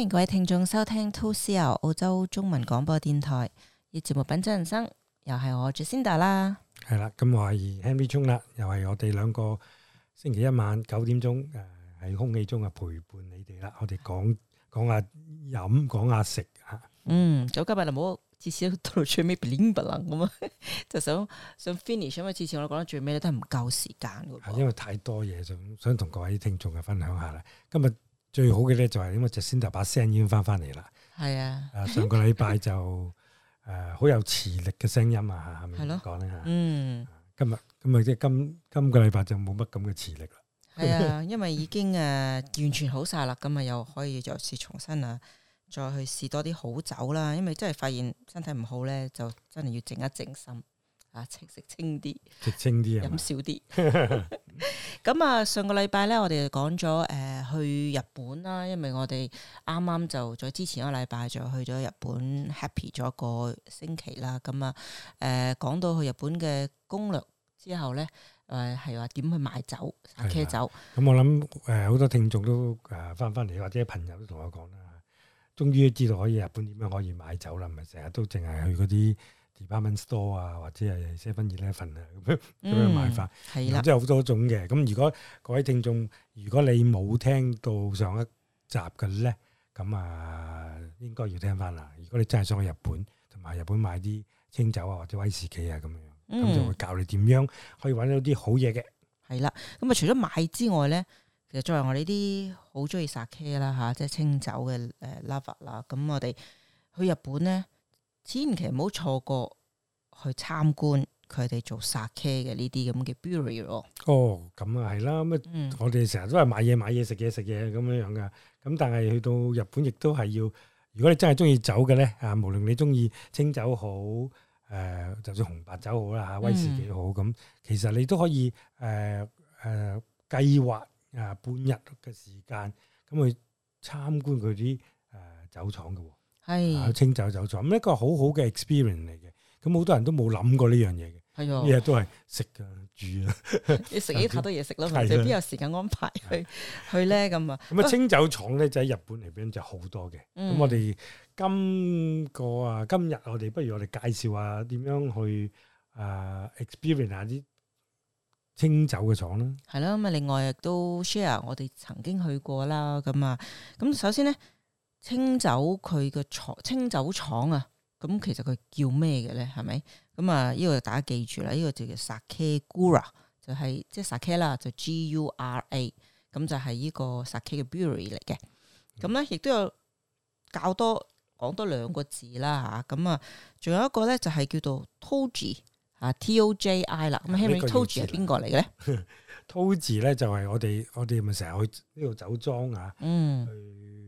歡迎各位聽眾收聽 2CR 澳洲中文廣播電台嘅節目《品酒人生》，又係我 Jacinda 啦。係啦，咁我係 Henry Chung 啦，又係我哋兩個星期一晚九點鐘誒喺空氣中啊，陪伴你哋啦，我哋講，講講下飲，講下食啊，嗯，咁今日就冇之前到最尾 l i 不能咁啊，就想想 finish，因為次次我講得最尾都係唔夠時間噶，因為太多嘢想想同各位聽眾啊分享下啦，今日。最好嘅咧就係因為就先頭把聲音翻翻嚟啦，係啊，啊，上個禮拜就誒好、 呃、有磁力嘅聲音啊，係咪係咯講咧？嗯，今日咁啊即係今今個禮拜就冇乜咁嘅磁力啦。係啊，因為已經誒、呃、 完全好晒啦，咁啊又可以再次重新啊，再去試多啲好酒啦。因為真係發現身體唔好咧，就真係要靜一靜心。啊，食食清啲，食清啲啊，飲少啲。咁啊， 上個禮拜咧，我哋就講咗誒，去日本啦，因為我哋啱啱就再之前一個禮拜就去咗日本 happy 咗個星期啦。咁啊，誒、呃，講到去日本嘅攻略之後咧，誒、呃，係話點去買酒啊？車酒咁，我諗誒，好、呃、多聽眾都誒翻翻嚟，或者朋友都同我講啦，終於知道可以日本點樣可以買酒啦，咪成日都淨係去嗰啲。Department Store 啊，或者係 Seven Eleven 啊，咁樣買法，係啦，即係好多種嘅。咁如果各位聽眾，如果你冇聽到上一集嘅咧，咁啊應該要聽翻啦。如果你真係想去日本，同埋日本買啲清酒啊或者威士忌啊咁樣，咁、嗯、就會教你點樣可以揾到啲好嘢嘅。係啦，咁啊除咗買之外咧，其實作為我哋啲好中意 Sake 啦嚇，即係清酒嘅誒 lover 啦，咁我哋去日本咧。千祈唔好錯過去參觀佢哋做 Sake 嘅呢啲咁嘅 brewery。哦，咁啊係啦，咁我哋成日都係買嘢買嘢食嘢食嘢咁樣樣噶。咁但係去到日本亦都係要，如果你真係中意酒嘅咧，啊，無論你中意清酒好，誒、呃，就算紅白酒好啦，威士忌好，咁、嗯、其實你都可以誒誒、呃呃、計劃啊、呃、半日嘅時間，咁去參觀佢啲誒酒廠嘅。係清酒酒廠，咁一個好好嘅 experience 嚟嘅。咁好多人都冇諗過呢樣嘢嘅，日日都係食噶住啦，食幾太多嘢食咯，邊有時間安排去去咧咁啊？咁啊、嗯，清酒廠咧就喺日本入邊就好多嘅，咁我哋今個啊今日我哋不如我哋介紹下點樣去啊 experience 下啲清酒嘅廠啦。係咯，咁啊，另外亦都 share 我哋曾經去過啦，咁啊，咁首先咧。清酒佢嘅廠，清酒廠啊，咁其實佢叫咩嘅咧？係咪？咁啊，呢個大家記住啦，呢、這個就叫 Sake Gura，就係、是、即係 Sake 啦，U R、A, 就 G U R A，咁就係呢個 Sake 嘅 Bury 嚟嘅。咁咧、嗯，亦都、嗯、有較多講多兩個字啦，吓咁啊，仲有一個咧就係、是、叫做 Toji 啊，T, oji, T O J I 啦、嗯。咁、嗯、Henry Toji 係邊個嚟嘅咧？ 陶字咧就係我哋我哋咪成日去呢度酒莊啊，嗯、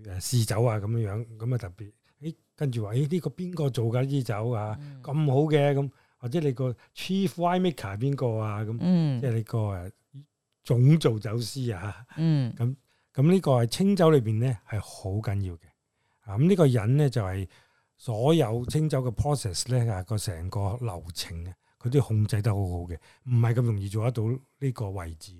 去試酒啊咁樣樣，咁啊特別，誒跟住話，誒呢個邊個做噶呢支酒啊，咁、這個啊嗯、好嘅，咁或者你個 chief winemaker 邊個啊，咁，嗯、即係你個誒總做酒師啊，咁咁呢個係清酒裏邊咧係好緊要嘅，咁、啊、呢、嗯、個人咧就係、是、所有清酒嘅 process 咧個成個流程啊。佢都控制得好好嘅，唔係咁容易做得到呢個位置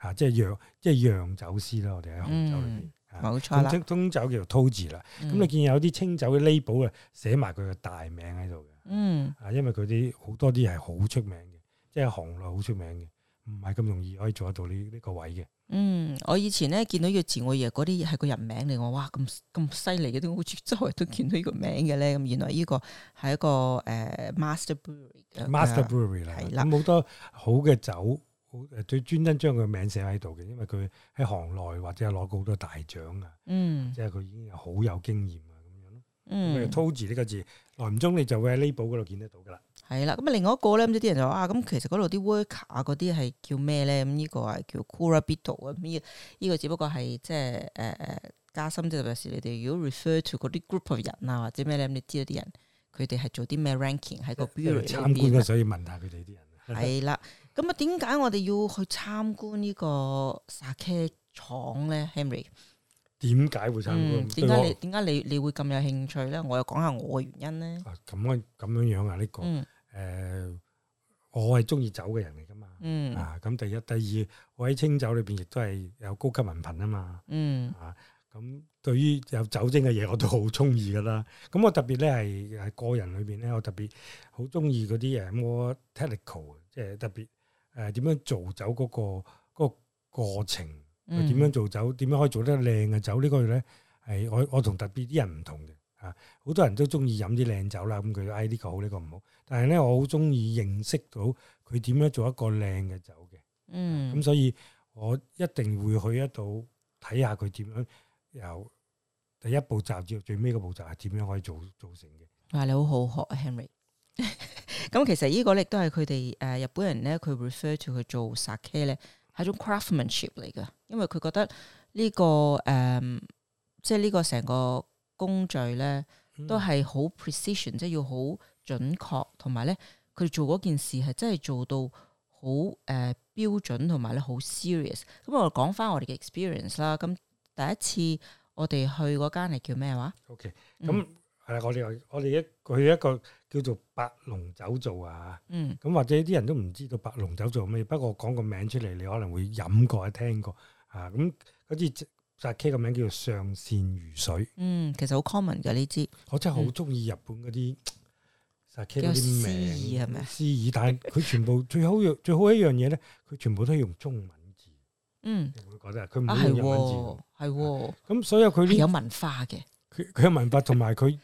嚇、啊，即係釀即係釀酒師啦。我哋喺紅酒裏邊，紅酒叫做 Toji 啦。咁你見有啲清酒嘅 label 啊，寫埋佢嘅大名喺度嘅。嗯，啊，因為佢啲好多啲係好出名嘅，即係行內好出名嘅，唔係咁容易可以做得到呢呢個位嘅。嗯，我以前咧見到個字我爺嗰啲係個人名嚟，我哇咁咁犀利嘅，都好似周圍都見到呢個名嘅咧，咁原來呢個係一個誒、呃、Master Brewery 嘅 Master Brewery 啦了，咁好、嗯嗯、多好嘅酒，誒，佢專登將個名寫喺度嘅，因為佢喺行內或者係攞過好多大獎啊，嗯，即係佢已經好有經驗啊咁樣咯。咁啊，Tolz 呢個字，來唔中你就會喺 l a 呢簿嗰度見得到噶啦。嗯係啦，咁啊，另外一個咧，咁啲人就話啊，咁其實嗰度啲 worker 啊，嗰啲係叫咩咧？咁呢個係叫 Kurabito 啊，呢？呢、嗯這個、個只不過係即係誒誒加深，即係特別是你哋如果 refer to 嗰啲 group of 人啊，或者咩咧，你知有啲人佢哋係做啲咩 ranking 喺個 brewery 入面。參觀所以問下佢哋啲人。係啦的，咁啊，點解我哋要去參觀個呢個 Sake 廠咧，Henry？點解會參觀？點解、嗯、你點解我你你，你會咁有興趣咧？我又講下我嘅原因咧。咁、啊、樣咁樣樣啊，呢個、啊。誒、呃，我係中意酒嘅人嚟噶嘛？嗯啊，咁第一、第二，我喺清酒裏邊亦都係有高級文憑啊嘛。嗯啊，咁、嗯、對於有酒精嘅嘢，我都好中意噶啦。咁、嗯、我特別咧係係個人裏邊咧，我特別好中意嗰啲嘢。咁我 technical 即係特別誒點樣做酒嗰、那個嗰、那個、過程，點、嗯、樣做酒，點樣可以做得靚嘅酒、這個、呢？個咧係我我，我特別同特別啲人唔同嘅。啊！好多人都中意飲啲靚酒啦，咁佢唉呢個好呢、呢個唔好。但係咧，我好中意認識到佢點樣做一個靚嘅酒嘅。嗯。咁、嗯、所以，我一定會去一度睇下佢點樣由第一步驟至最尾嘅步驟係點樣可以做做成嘅。哇啊！你好好學啊，Henry。咁 其實呢個咧都係佢哋誒日本人咧，佢 refer to 佢做 sake 咧係一種 craftsmanship 嚟㗎，因為佢覺得呢個誒即係呢個成個，嗯就是工序咧都係好 precision，即係要好準確，同埋咧佢做嗰件事係真係做到好，誒、呃、標準，同埋咧好 serious。咁、嗯嗯、我講翻我哋嘅 experience 啦。咁第一次我哋去嗰間係叫咩話？OK，咁係啦，我哋我哋一去一個叫做白龍酒造啊。嗯，咁或者啲人都唔知道白龍酒造咩，不過講個名出嚟，你可能會飲過啊，聽過啊。咁好似。Sake 個名叫做上善如水，嗯，其實好 common 噶呢支，我真係好中意日本嗰啲 Sake 嗰啲名係咪？詩意，但係佢全部最好一最好一樣嘢咧，佢全部都係用中文字，嗯，你會覺得佢唔會用英文字，係咁，所以佢呢有文化嘅，佢佢有文化，同埋佢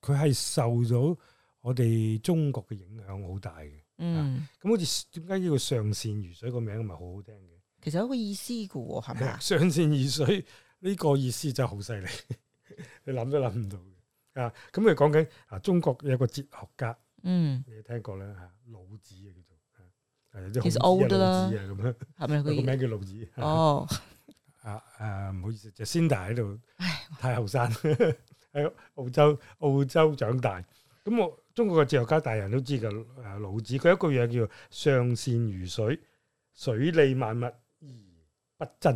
佢係受咗我哋中國嘅影響好大嘅，嗯，咁好似點解叫上善如水個名咪好好聽嘅？其實有個意思嘅，係咪啊？上善如水。呢個意思真係好犀利， 你諗都諗唔到啊，咁佢講緊啊，中國有一個哲學家，嗯，你聽過啦吓，老子啊叫做，係啲其實 old 啦，咁 's 樣係咪個名叫老子？哦、oh. 啊，啊啊，唔好意思，就 Jacinda 喺度， 太後年生，喺 澳洲澳洲長大。咁我中國嘅哲學家大人都知嘅，誒、啊，老子佢一句嘢叫“上善如水，水利萬物而不爭”。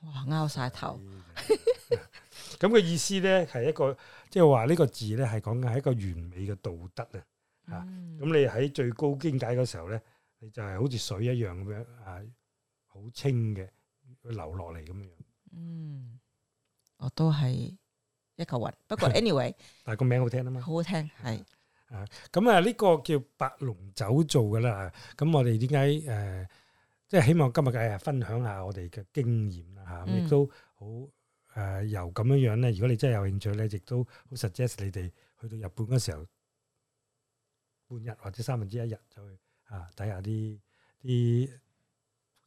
哇！拗晒頭，咁 嘅、那個、意思咧，係一個即係話呢個字咧，係講嘅係一個完美嘅道德、嗯、啊！咁你喺最高境界嘅時候咧，你就係好似水一樣咁樣啊，好清嘅流落嚟咁樣。嗯，我都係一嚿雲，不過 anyway，但係個名好聽啊嘛，好好聽係啊！咁啊，呢、嗯那個叫白龍酒造噶啦，咁我哋點解誒？呃即係希望今日嘅分享下我哋嘅經驗啦嚇，亦、嗯、都好誒、呃、由咁樣樣咧。如果你真係有興趣咧，亦都好 suggest 你哋去到日本嗰時候，半日或者三分之一日就去啊睇下啲啲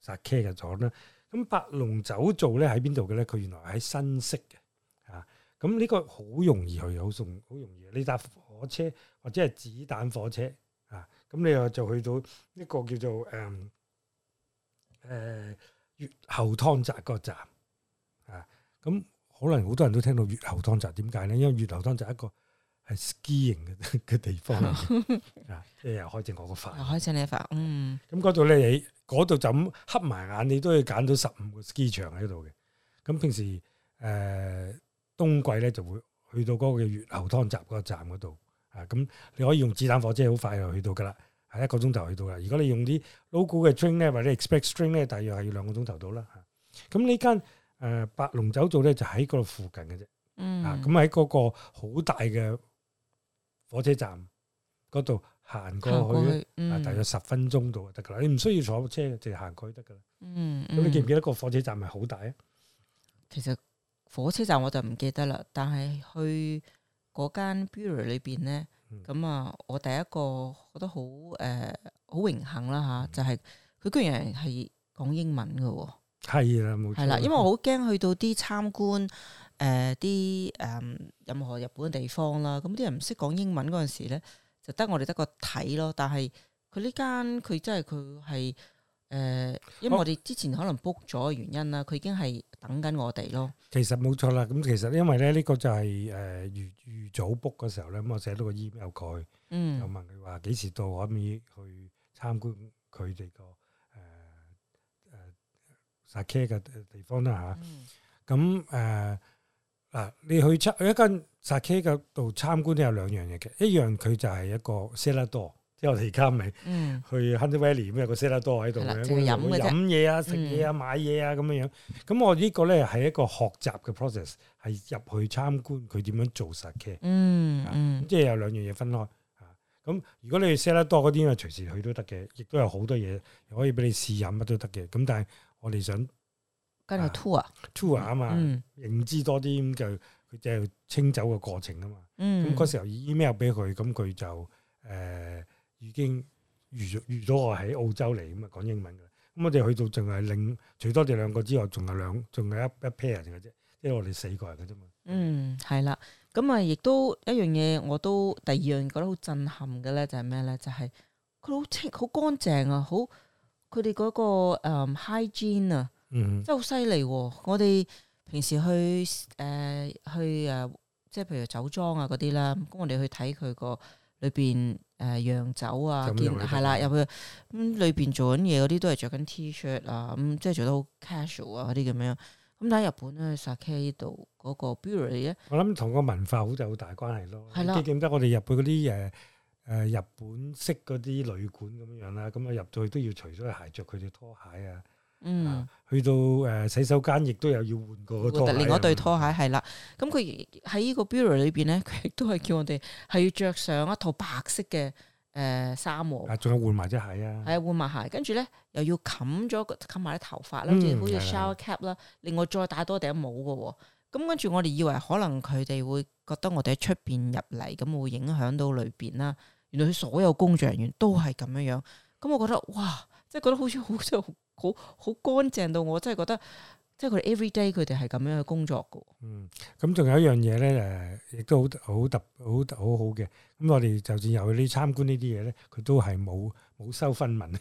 sake 嘅廠啦。咁白龍酒造咧喺邊度嘅咧？佢原來喺新潟嘅啊。咁呢個好容易去，好容好容易。你搭火車或者係子彈火車啊，咁你又就去到一個叫做誒。嗯誒，越、嗯、後湯澤個站啊，咁、嗯、可能好多人都聽到越後湯澤點解咧？因為越後湯澤一個係 ski 型嘅嘅地方， 啊，即係又開正我個飯，又、 啊、開正你個飯，嗯。咁嗰度咧，嗰度就咁瞌埋眼，你都要揀到十五個 ski 場喺度嘅。咁平時誒、呃、冬季咧，就會去到嗰個越後湯澤個站嗰度啊。咁、啊嗯、你可以用子彈火車好快就去到㗎喇。啊啊啊係一個鐘頭去到啦。如果你用啲 low 股嘅 train 咧，或者 e x p e c t train 咧，大約係要兩個鐘頭到啦。咁呢間誒白龍酒造咧就喺度附近嘅啫、嗯啊。嗯。啊，咁喺嗰個好大嘅火車站嗰度行過去，啊，大約十分鐘就得噶啦。你唔需要坐車，直行過去得噶啦。嗯。咁你記唔記得個火車站係好大啊？嗯嗯、其實火車站我就唔記得啦，但係去嗰間 bureau 裏邊咧。咁啊，我第一個覺得好誒好榮幸啦嚇、啊，就係、係、佢居然係講英文嘅喎。係啦，冇錯。係啦，因為我好驚去到啲參觀誒啲誒任何日本地方啦，咁啲人唔識講英文嗰陣時咧，就得我哋得個睇咯。但係佢呢間佢真係佢係。誒、呃，因為我哋之前可能 book 咗嘅原因啦，佢、哦、已經係等緊我哋咯。其實冇錯啦，咁其實因為咧呢、呢個就係誒預預早 book 嘅時候咧，咁我寫咗個 email 佢，嗯有，又問佢話幾時到可唔可以去參觀佢哋個誒誒 Sake 嘅地方啦吓，咁誒嗱，你去一間 Sake 嘅度參觀都有兩樣嘢嘅，一樣佢就係一個 cellar door。因係我哋而家咪去 Hendy Valley 咁有個 set 得多喺度嘅，去飲嘢啊、食嘢啊、嗯、買嘢啊咁樣樣。咁我呢個咧係一個學習嘅 process，係入去參觀佢點樣做實嘅、嗯嗯啊。嗯即係有兩樣嘢分開咁、啊、如果你 set 得多嗰啲，咪、啊、隨時去都得嘅，亦都有好多嘢可以俾你試飲乜都得嘅。咁但係我哋想、啊、跟住 tour，tour 啊嘛，認知多啲咁就佢就清走嘅過程啊嘛。咁嗰、嗯嗯、時候 email 俾佢，咁佢就誒。呃已經預預咗我喺澳洲嚟咁啊，講英文嘅。咁我哋去到淨係另，除多我哋兩個之外，仲有兩，仲有一一 pair 人嘅啫。即係我哋四個人嘅啫嘛。嗯，係、嗯、啦。咁啊，亦都一樣嘢，我都第二樣覺得好震撼嘅咧，就係咩咧？就係佢好清、好乾淨啊，好佢哋嗰個 hygiene 啊，啊嗯，真係好犀利。我哋平時去誒、呃、去誒、呃，即係譬如酒莊啊嗰啲啦，咁我哋去睇佢、嗰個裏邊。裏面誒、呃、洋酒啊，係係啦，入去咁裏邊做緊嘢嗰啲都係着緊 T-shirt 啊，咁、嗯、即係做得好 casual 啊嗰啲咁樣。咁、嗯、睇日本咧，Sakado 嗰個 brewery 咧，我諗同個文化好似好大關係咯。係啦的，點解我哋入去嗰啲誒誒日本式嗰啲旅館咁樣啦？咁啊入到去都要除咗鞋，着佢對拖鞋啊。嗯，去到誒、呃、洗手間亦都有要換過拖鞋，另外一對拖鞋係啦。咁佢喺呢個 b u r e 裏邊咧，佢亦都係叫我哋係要着上一套白色嘅誒衫。呃、啊，仲有換埋隻鞋啊！係換埋鞋，跟住咧又要冚咗冚埋啲頭髮啦，即係好、嗯、似 shower cap 啦、嗯。另外再戴多頂帽嘅喎。咁跟住我哋以為可能佢哋會覺得我哋喺出邊入嚟咁會影響到裏邊啦。原來佢所有工作人員都係咁樣樣。咁我覺得哇，即係覺得好似好做。Sacred, 嗯、好，好，好好乾淨到我真係覺得，即係佢哋 every day 佢哋係咁樣去工作噶。嗯，咁仲有一樣嘢咧，誒，亦都好好特好好好嘅。咁我哋就算 lamps，有去你參觀呢啲嘢咧，佢都係冇冇收分文。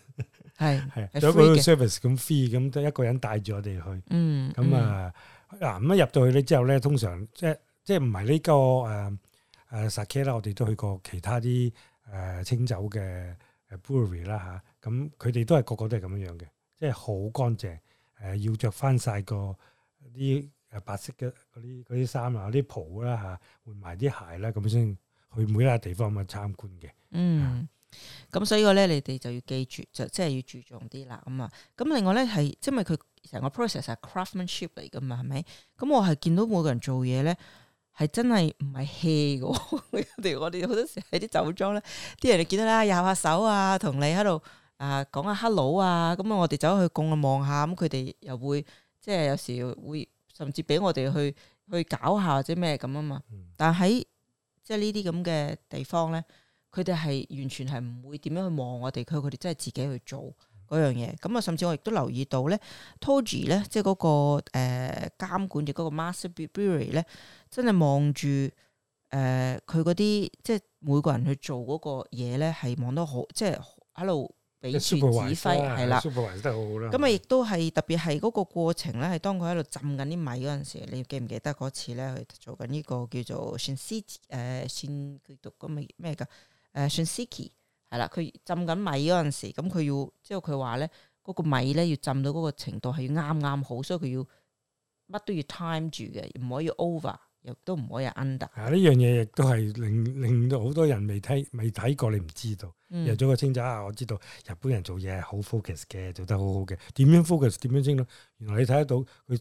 係係啊，有嗰個 service 咁 free，咁都一個人帶住我哋去。嗯，嗯，咁啊，嗱咁一入到去咧之後咧，通常即係即係唔係呢個誒誒 sake 啦我哋都去過其他啲誒清酒嘅 brewery 啦嚇。咁佢哋都係個個都係咁樣樣嘅。即係好乾淨，誒、呃、要着翻晒個啲誒白色嘅嗰啲啲衫啊、啲袍啦嚇，換埋啲鞋啦，咁先去每一個地方咁樣參觀嘅。啊、嗯，咁所以話咧，你哋就要記住，就即係、就是、要注重啲啦，咁、嗯、啊。咁另外咧係，因為佢成個 process 係 craftsmanship 嚟噶嘛，係咪？咁、嗯、我係見到每個人做嘢咧，係真係唔係 hea 嘅。例如我哋好多時喺啲酒莊咧，啲人就見到啦，咬下手啊，同你喺度。啊，講下 hello 啊，咁、嗯、啊，我哋走去共啊望下，咁佢哋又會即係有時會甚至俾我哋去去搞下或者咩咁啊嘛。但喺即係呢啲咁嘅地方咧，佢哋係完全係唔會點樣去望我哋，佢佢哋真係自己去做嗰樣嘢。咁、嗯、啊、嗯嗯嗯嗯，甚至我亦都留意到咧，Toji 咧，即係、那、嗰個誒、呃、監管嘅嗰個 Master Brewer 咧，真係望住誒佢嗰啲即係每個人去做嗰個嘢咧，係望得好即係喺度。Hello 俾住指揮，係啦，咁啊亦都係特別係嗰個過程咧，係當佢喺度浸緊啲米嗰陣時，你記唔記得嗰次咧佢做緊呢個叫做選絲誒佢讀咁嘅咩㗎？誒選絲奇係啦，佢、uh, uh, 浸緊米嗰陣時，咁佢要即係佢話咧，嗰、就是、個米咧要浸到嗰個程度係啱啱好，所以佢要乜都要 time 住嘅，唔可以 over。亦都唔可以 under。啊！呢樣嘢亦都係令令到好多人未睇未睇過，你唔知道。入咗、嗯、個清酒啊，我知道日本人做嘢係好 focus 嘅，做得好好嘅。點樣 focus？點樣清呢？原來你睇得到佢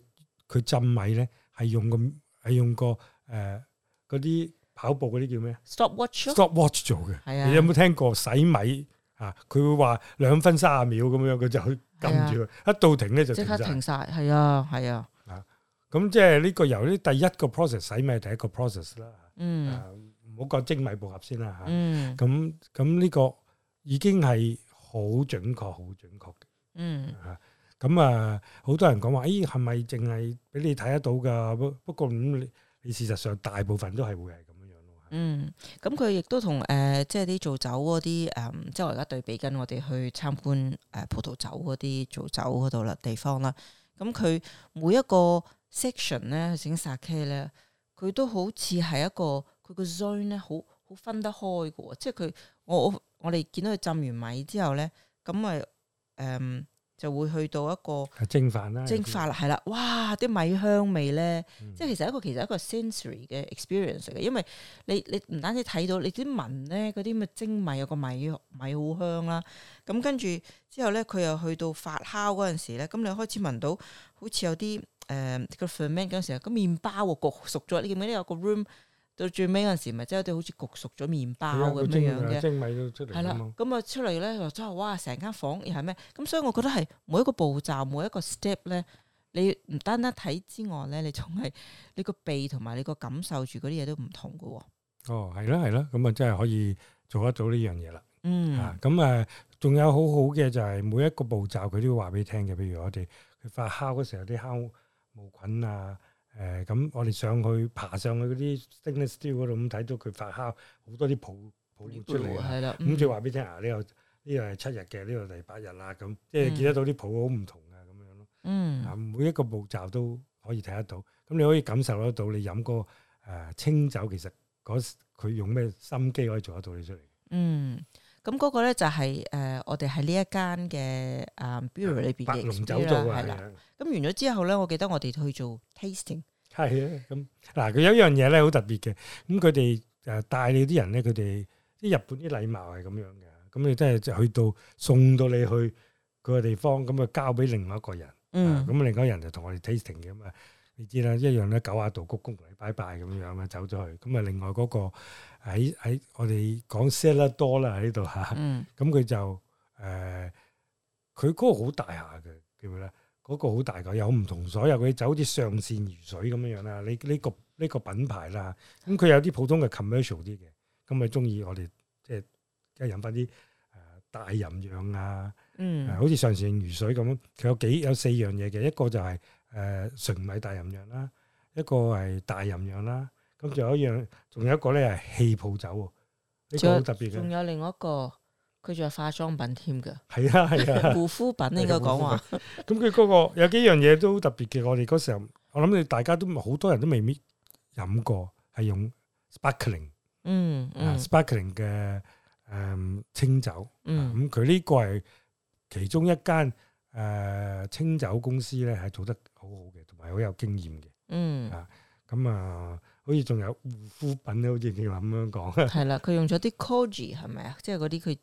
佢浸米咧，係用個係用個誒嗰啲跑步嗰啲叫咩？stopwatch？stopwatch Stop 做嘅。係是啊。你有冇聽過洗米啊？佢會話兩分三十秒咁樣，佢就去撳住佢，是啊、一到停咧就即刻停晒。係啊，係啊。咁、嗯、即係呢個由呢第一個 process 使咪第一個 process、嗯呃、啦，嗯，唔好講精米步合先啦吓，嗯，咁咁呢個已經係好準確，好準確嘅，嗯，咁啊，好多人講話，咦，係咪淨係俾你睇得到噶？不不過咁你事實上大部分都係會係咁樣樣咯、嗯呃，嗯，咁佢亦都同誒，即係啲做酒嗰啲，誒，即係我而家對比緊我哋去參觀誒葡萄酒嗰啲做酒嗰度啦，地方啦，咁佢每一個。section 咧去整 sake 咧，佢都好似係一個，佢個 zone 咧，好好分得開嘅喎。即係佢我我我哋見到佢浸完米之後咧，咁咪誒，就會去到一個，蒸飯啦，蒸發啦，係啦、啊，哇！啲米香味咧，嗯、即係其實一個其實一個 sensory 嘅 experience 嘅，因為你你唔單止睇到你啲聞咧嗰啲咩蒸米有個米米好香啦，咁跟住之後咧佢又去到發酵嗰陣時咧，咁你開始聞到好似有啲。誒、嗯那個 ferment 嗰陣時候，個麵包焗熟咗，你記唔記得有個 room 到最尾嗰陣時，咪真係好似焗熟咗麵包咁、嗯、樣樣嘅？蒸米蒸米出嚟，係、嗯、啦，咁啊、嗯、出嚟咧，真係哇！成間房又係咩？咁所以我覺得係每一個步驟每一個 step 咧，你唔單單睇之外咧，你仲係你個鼻同埋你個感受住嗰啲嘢都唔同嘅喎。哦，係啦，係啦，咁啊真係可以做得到呢樣嘢啦。嗯，咁啊，仲有好好嘅就係每一個步驟佢都會話俾你聽嘅，譬如我哋佢發酵嗰時有啲酵菌啊，誒、呃、咁我哋上去爬上去嗰啲 stainless steel 度咁睇到佢發酵，好多啲泡泡沫出嚟，咁、嗯嗯、就話俾你聽啊！呢個呢個係七日嘅，呢個第八日啦，咁即係見得到啲泡好唔同嘅咁樣咯。嗯，啊每一個步驟都可以睇得到，咁你可以感受得到你飲嗰個清酒，其實佢用咩心機可以做得到你出嚟。嗯。咁嗰個咧，就係誒，我哋喺呢一間嘅誒 bureau 裏邊白龍酒造啊，係啦。咁完咗之後咧，我記得我哋去做 tasting。係啊，咁嗱，佢有一樣嘢咧好特別嘅。咁佢哋誒帶你啲人咧，佢哋啲日本啲禮貌係咁樣嘅。咁你真係就去到送到你去嗰個地方，咁啊交俾另外一個人。嗯。咁另外一個人就同我哋 tasting 嘅嘛，你知啦，一樣咧，九十度鞠躬，你拜拜咁樣啊，走咗去。咁啊，另外嗰個。喺喺我哋講 s e l 得多啦，喺呢度嚇，咁佢、嗯嗯、就誒佢嗰個好大下嘅叫咩咧？嗰、那個好大嚿，有唔同所有，佢就好似上善如水咁樣樣啦。你、這、呢個呢、這個品牌啦，咁、嗯、佢有啲普通嘅 commercial 啲嘅，咁咪中意我哋即係飲翻啲誒大吟釀啊，誒好似上善如水咁。佢有幾有四樣嘢嘅，一個就係、是、誒、呃、純米大吟釀啦，一個係大吟釀啦。咁仲有一樣，仲有一個咧係氣泡酒，呢個好特別嘅。仲有另外一個，佢仲有化妝品添㗎。係啊係啊，護膚品應該講話。咁佢嗰個有幾樣嘢都好特別嘅。我哋嗰時候，我諗你大家都好多人都未必飲過，係用 sparkling，嗯嗯，sparkling 嘅誒清酒。嗯，咁佢呢個係其中一間誒清酒公司咧係做得好好嘅，同埋好有經驗嘅。嗯啊，咁啊。好似仲有護膚品咧，好似你話咁樣講。係啦，佢用咗啲 Koji 係咪啊？即係嗰啲佢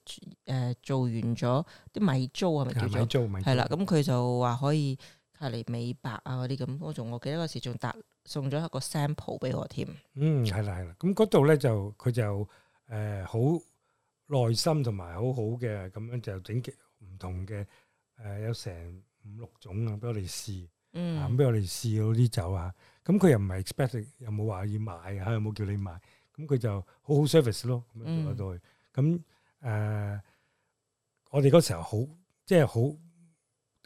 誒做完咗啲米糟係咪叫做？米糟，米糟。係啦，咁佢就話可以係嚟美白啊嗰啲咁。我仲我記得嗰時仲搭送咗一個 sample 俾我添。嗯，係啦，係啦。咁嗰度咧就佢就誒好耐心同埋好好嘅，咁樣就整幾唔同嘅誒有成五六種啊，俾我哋試。嗯。啊，俾我哋試嗰啲酒啊！咁佢又唔係 expect，又冇話要買，嚇又冇叫你買，咁佢就好好 service 咯，咁樣做落去。咁誒、嗯呃，我哋嗰時候好，即係好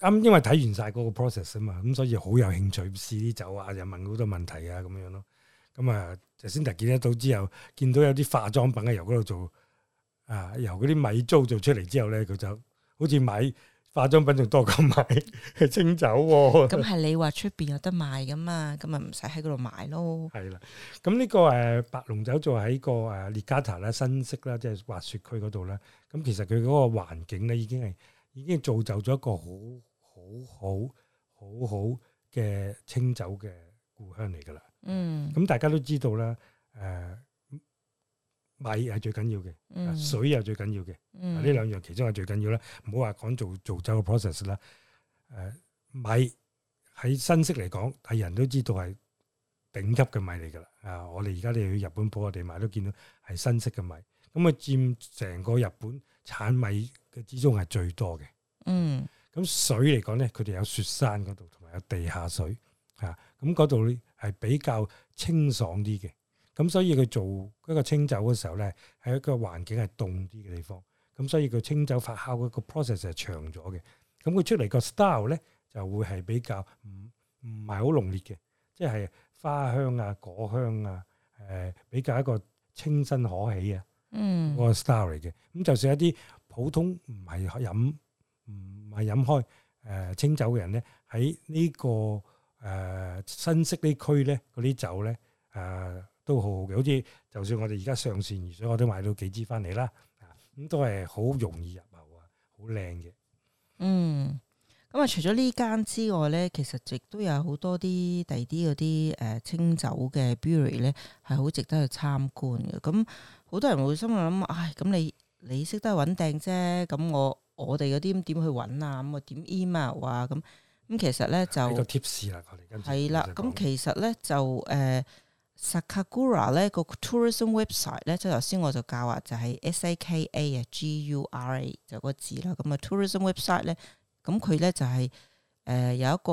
啱，因為睇完晒嗰個 process 啊嘛，咁所以好有興趣試啲酒啊，又問好多問題啊咁樣咯。咁啊，就先就見得到之後，見到有啲化妝品啊由嗰度做，啊由嗰啲米糟做出嚟之後咧，佢就好似米。化妝品仲多過買 清酒、哦 嗯，咁係你話出邊有得賣噶嘛？咁咪唔使喺嗰度買咯。係啦，咁呢、這個誒、呃，白龍酒就喺個誒列加塔啦、新式啦，即係滑雪區嗰度啦。咁其實佢嗰個環境咧，已經係已經造就咗一個好好好好好嘅清酒嘅故鄉嚟噶啦。嗯，咁大家都知道啦。誒。米係最緊要嘅，嗯、水又最緊要嘅，呢兩樣其中係最緊要啦。唔好話講做做酒嘅 process 啦。誒、呃，米喺新式嚟講係人都知道係頂級嘅米嚟㗎啦。啊、呃，我哋而家你去日本鋪，我哋買都見到係新式嘅米，咁佢佔成個日本產米嘅之中係最多嘅。嗯，咁水嚟講咧，佢哋有雪山嗰度同埋有地下水嚇，咁嗰度咧係比較清爽啲嘅。咁所以佢做一個清酒嘅時候咧，係一個環境係凍啲嘅地方，咁所以佢清酒發酵嘅個 process 係長咗嘅，咁佢出嚟個 style 咧就會係比較唔唔係好濃烈嘅，即係花香啊、果香啊，誒、呃、比較一個清新可喜啊，嗰、嗯、個 style 嚟嘅。咁就算一啲普通唔係飲唔係飲開誒、呃、清酒嘅人咧，喺、呢個呃、呢個誒新式呢區咧嗰啲酒咧誒。呃都好好嘅，好似就算我哋而家上線，所以我都買到幾支翻嚟啦，咁都係好容易入口啊，好靚嘅。嗯，咁、嗯、啊，除咗呢間之外咧，其實亦都有好多啲第二啲嗰啲誒清酒嘅 brewery 咧，係好值得去參觀嘅。咁好多人會心諗，唉，咁你你識得揾訂啫，咁、嗯、我我哋嗰啲咁點去揾啊？咁啊點 email 話咁咁？其實咧就比貼士啦，係啦、嗯，咁、嗯、其實咧就誒。Sakagura 咧個 tourism website 咧，即係頭先我就教啊，就係、是、S, S, S, S, S A K A G U R A 就個字啦。咁啊，tourism website 咧、就是，咁佢咧就係誒有一個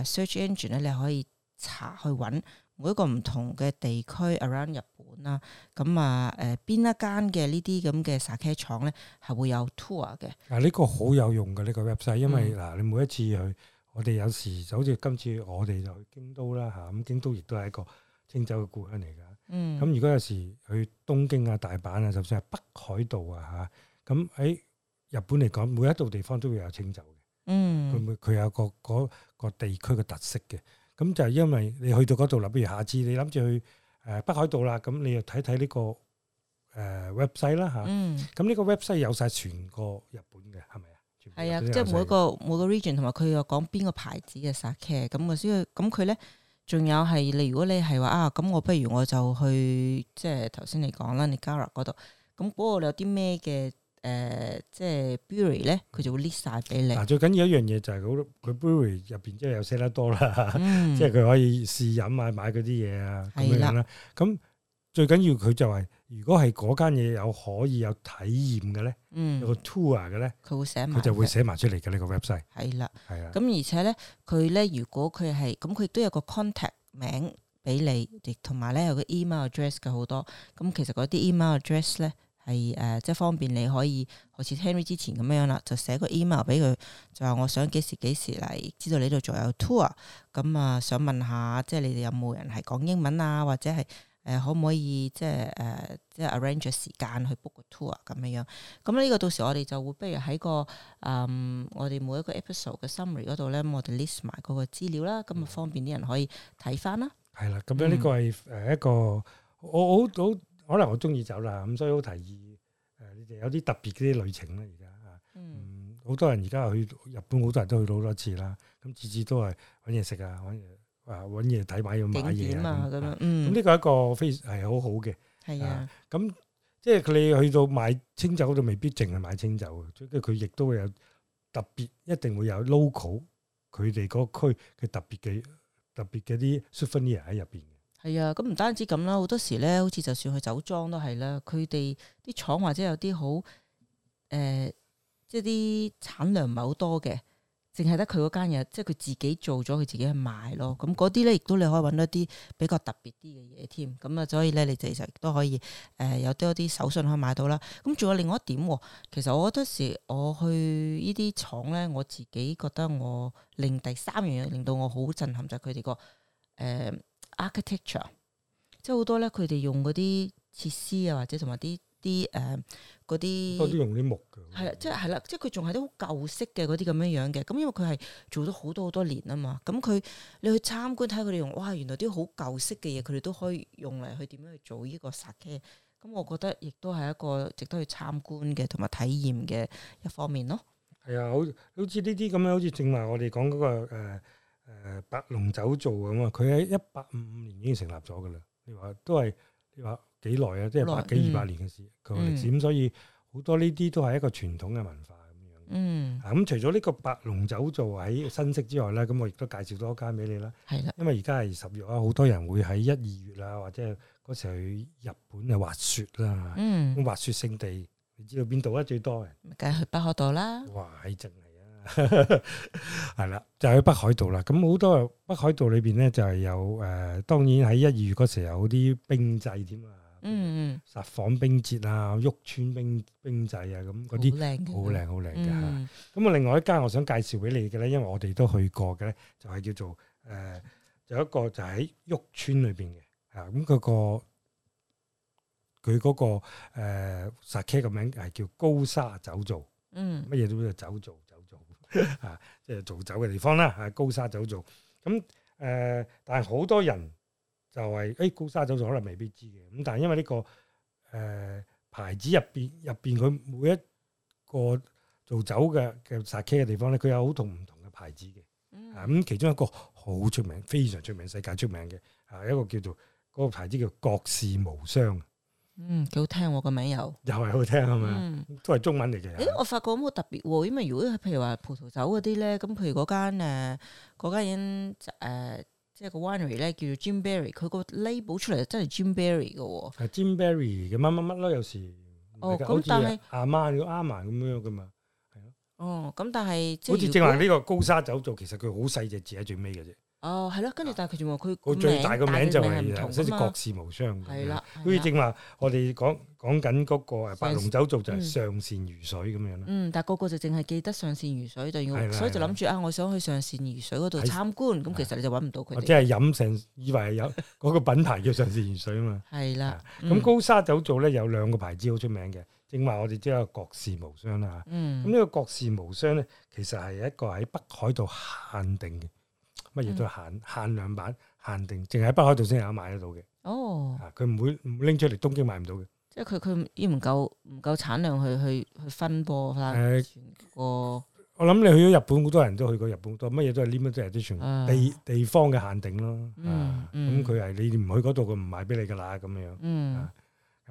誒 search engine 咧，你可以查去揾每一個唔同嘅地區 around 日本啦。咁啊誒邊一間嘅呢啲咁嘅 sake 廠咧，係會有 tour 嘅。嗱，呢個好有用嘅呢、這個 website，因為嗱、嗯、你每一次去，我哋有時就好似今次我哋就去京都啦嚇，咁京都亦都係一個。清酒嘅故鄉嚟噶。咁、嗯、如果有時去東京啊、大阪啊，甚至係北海道啊嚇，咁、嗯、喺日本嚟講，每一度地方都會有清酒嘅，嗯，佢冇佢有個嗰個、個地區嘅特色嘅，咁就因為你去到嗰度啦，比如下次你諗住去誒、呃、北海道看看、這個呃、啦，咁你又睇睇呢個誒 website 啦嚇，咁呢個 website 有晒全個日本嘅，係咪啊？係啊、嗯，即係每一個每個 region 同埋佢又講邊個牌子嘅 sake 咁先咁佢咧。仲有係你，如果你係話啊，咁我不如我就去即係頭先你講啦，你 Gala 嗰度，咁嗰個有啲咩嘅誒，即係 Bury 咧，佢就會 list 晒俾你。啊，最緊要一樣嘢就係佢 Bury 入邊，即係有寫得多啦，即係佢可以試飲啊，買嗰啲嘢啊咁樣啦，咁。呃最緊要佢就係，如果係嗰間嘢有可以有體驗嘅咧，嗯、有個 tour 嘅咧，佢會寫，佢就會寫埋出嚟嘅呢個 website。係啦，係啊。咁而且咧，佢咧如果佢係咁，佢亦都有個 contact 名俾你，亦同埋咧有個 email address 嘅好多。咁其實嗰啲 email address 咧係誒，即係、呃、即係方便你可以好似 Henry 之前咁樣啦，就寫個 email 俾佢，就話我想幾時幾時嚟，知道你度仲有 tour、嗯。咁啊，想問下，即係你哋有冇人係講英文啊，或者係？誒可唔可以、呃、即係誒、呃、即係 arrange 時間去 book 個 tour 咁樣樣？咁呢、這個到時我哋就會不如喺個誒、呃、我哋每一個 episode 嘅 summary 嗰度咧，我哋 list 埋嗰個資料啦，咁啊方便啲人可以睇翻啦。係啦、嗯，咁咧呢個係誒一個我好好可能我中意走啦，咁所以好提議誒、呃、你哋有啲特別啲旅程咧而家啊，嗯，好多人而家去日本，好多人都去到好多次啦，咁次次都係揾嘢食啊，啊！揾嘢睇，買要買嘢啊！咁呢個一個非係好好嘅。係啊，咁即係佢哋去到買清酒嗰度，未必淨係買清酒嘅，即佢亦都會有特別，一定會有 local 佢哋嗰區嘅特別嘅特別嘅啲 souvenir 喺入邊嘅。係啊，咁唔單止咁啦，好多時咧，好似就算去酒莊都係啦，佢哋啲廠或者有啲好誒，即係啲產量唔係好多嘅。淨係得佢嗰間嘢，即係佢自己做咗，佢自己去賣咯。咁嗰啲咧，亦都你可以揾到啲比較特別啲嘅嘢添。咁啊，所以咧，你其實都可以誒、呃、有多啲手信可以買到啦。咁仲有另外一點喎，其實我嗰時我去依啲廠咧，我自己覺得我令第三樣嘢令到我好震撼就係佢哋個誒 architecture，即係好多咧佢哋用嗰啲設施啊，或者同埋啲。啲誒嗰啲，嗯、都用啲木嘅，係啦的，即係啦，即係佢仲係啲好舊式嘅嗰啲咁樣樣嘅。咁因為佢係做咗好多好多年啊嘛。咁佢你去參觀睇下佢哋用，哇！原來啲好舊式嘅嘢佢哋都可以用嚟去點樣去做呢個 Sake。咁我覺得亦都係一個值得去參觀嘅同埋體驗嘅一方面咯。係啊，好好似呢啲咁樣，好似正話我哋講嗰個誒、呃呃、白龍酒造咁啊。佢喺一八五五年已經成立咗㗎喇。你話都係你話。幾耐啊！即係百幾二百年嘅史個歷史咁，嗯、所以好多呢啲都係一個傳統嘅文化咁樣、嗯嗯。嗯，啊咁除咗呢個白龍酒造喺新潟之外咧，咁我亦都介紹多一間俾你啦。係啦的，因為而家係十月啊，好多人會喺一二月啊，或者嗰時去日本嘅滑雪啦。嗯，滑雪勝地，你知道邊度啊？最多嘅梗係去北海道啦。哇！係正嚟啊，係 啦，就係去北海道啦。咁好多北海道裏邊咧，就係有誒，當然喺一二月嗰時有啲冰製添啊。嗯嗯，沙坊冰節啊，旭川冰冰仔啊，咁嗰啲好靚，好靚，好靚嘅吓。咁啊，嗯、另外一間我想介紹俾你嘅咧，因為我哋都去過嘅咧，就係、是、叫做誒、呃，有一個就喺旭川裏邊嘅，啊，咁、那、嗰個佢嗰、那個誒，Sake 個名係叫高沙酒造，嗯，乜嘢都叫做酒造酒造啊，即係造酒嘅地方啦，啊，高沙酒造，咁誒、呃，但係好多人。就係、是、誒、哎、高沙酒就可能未必知嘅，咁但係因為呢、這個誒、呃、牌子入邊入邊佢每一個做酒嘅嘅 Sake 嘅地方咧，佢有好同唔同嘅牌子嘅。啊咁、嗯、其中一個好出名、非常出名、世界出名嘅啊一個叫做嗰、那個牌子叫國士無雙，嗯幾好聽個名有又又係好聽係咪？嗯、都係中文嚟嘅。誒、欸、我發覺好特別喎，因為如果譬如話葡萄酒嗰啲咧，咁譬如嗰間誒嗰間已經誒。呃呃呃呃呃即係個 winery 咧，叫做 Jim Barry，佢個 label 出嚟真係 Jim Barry 嘅喎、哦。係 Jim Barry 嘅乜乜乜啦，什麼什麼有時哦咁，但係阿曼個阿曼咁樣嘅嘛，係咯。哦，咁但係即好似正話呢個高沙酒造，其實佢好細隻字喺最尾嘅啫。哦，係咯，跟住但係佢仲話佢最大個名就係，即係國士無雙。係啦，好似正話我哋講講緊嗰個白龍酒造就係上善如水咁樣咯。嗯，但個個就淨係記得上善如水，就所以就諗住啊，我想去上善如水嗰度參觀。咁其實你就揾唔到佢。即係飲成以為係有嗰個品牌叫上善如水啊嘛。係啦，咁高砂酒造咧有兩個牌子好出名嘅，正話我哋即係國士無雙啦吓。嗯，咁呢個國士無雙咧，其實係一個喺北海道限定嘅。乜嘢都限限量版、嗯、限定，淨係喺北海道先有買得到嘅。哦，佢唔、啊、會拎出嚟東京買唔到嘅。即係佢佢依唔夠唔夠產量去去去分播啦。誒、欸，我諗你去咗日本好多人都去過日本，多乜嘢都係呢一隻啲地地方嘅限定咯。啊，咁佢係你唔去嗰度，佢唔賣俾你噶啦，咁樣。嗯。嗯嗯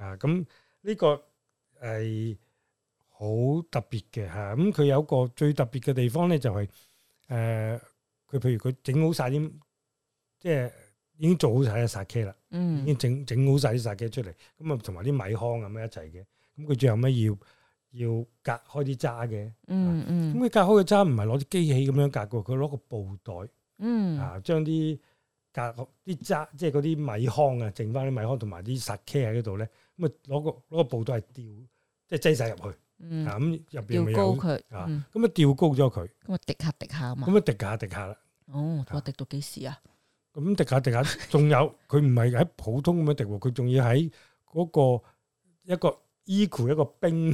啊，咁、嗯、呢、這個係、欸、好特別嘅吓。咁、啊、佢、嗯、有一個最特別嘅地方咧、就是，就係誒。佢譬如佢整好晒啲，即係已經做好晒啲 Sake 啦。嗯，已經整整好晒啲 Sake 出嚟，咁啊同埋啲米糠咁樣一齊嘅。咁佢最後咪要要隔開啲渣嘅？嗯嗯。咁佢隔開嘅渣唔係攞啲機器咁樣隔嘅，佢攞個布袋。嗯。啊，將啲隔啲渣，即係嗰啲米糠啊，剩翻啲米糠同埋啲 Sake 喺嗰度咧。咁啊，攞個攞個布袋嚟吊，即係擠晒入去。咁入邊咪有，咁啊吊高咗佢，咁啊滴下滴下啊嘛，咁啊滴下滴下啦。哦，話滴到幾時啊？咁滴下滴下，仲有佢唔係喺普通咁樣滴喎，佢仲要喺嗰個一個 igloo 一個冰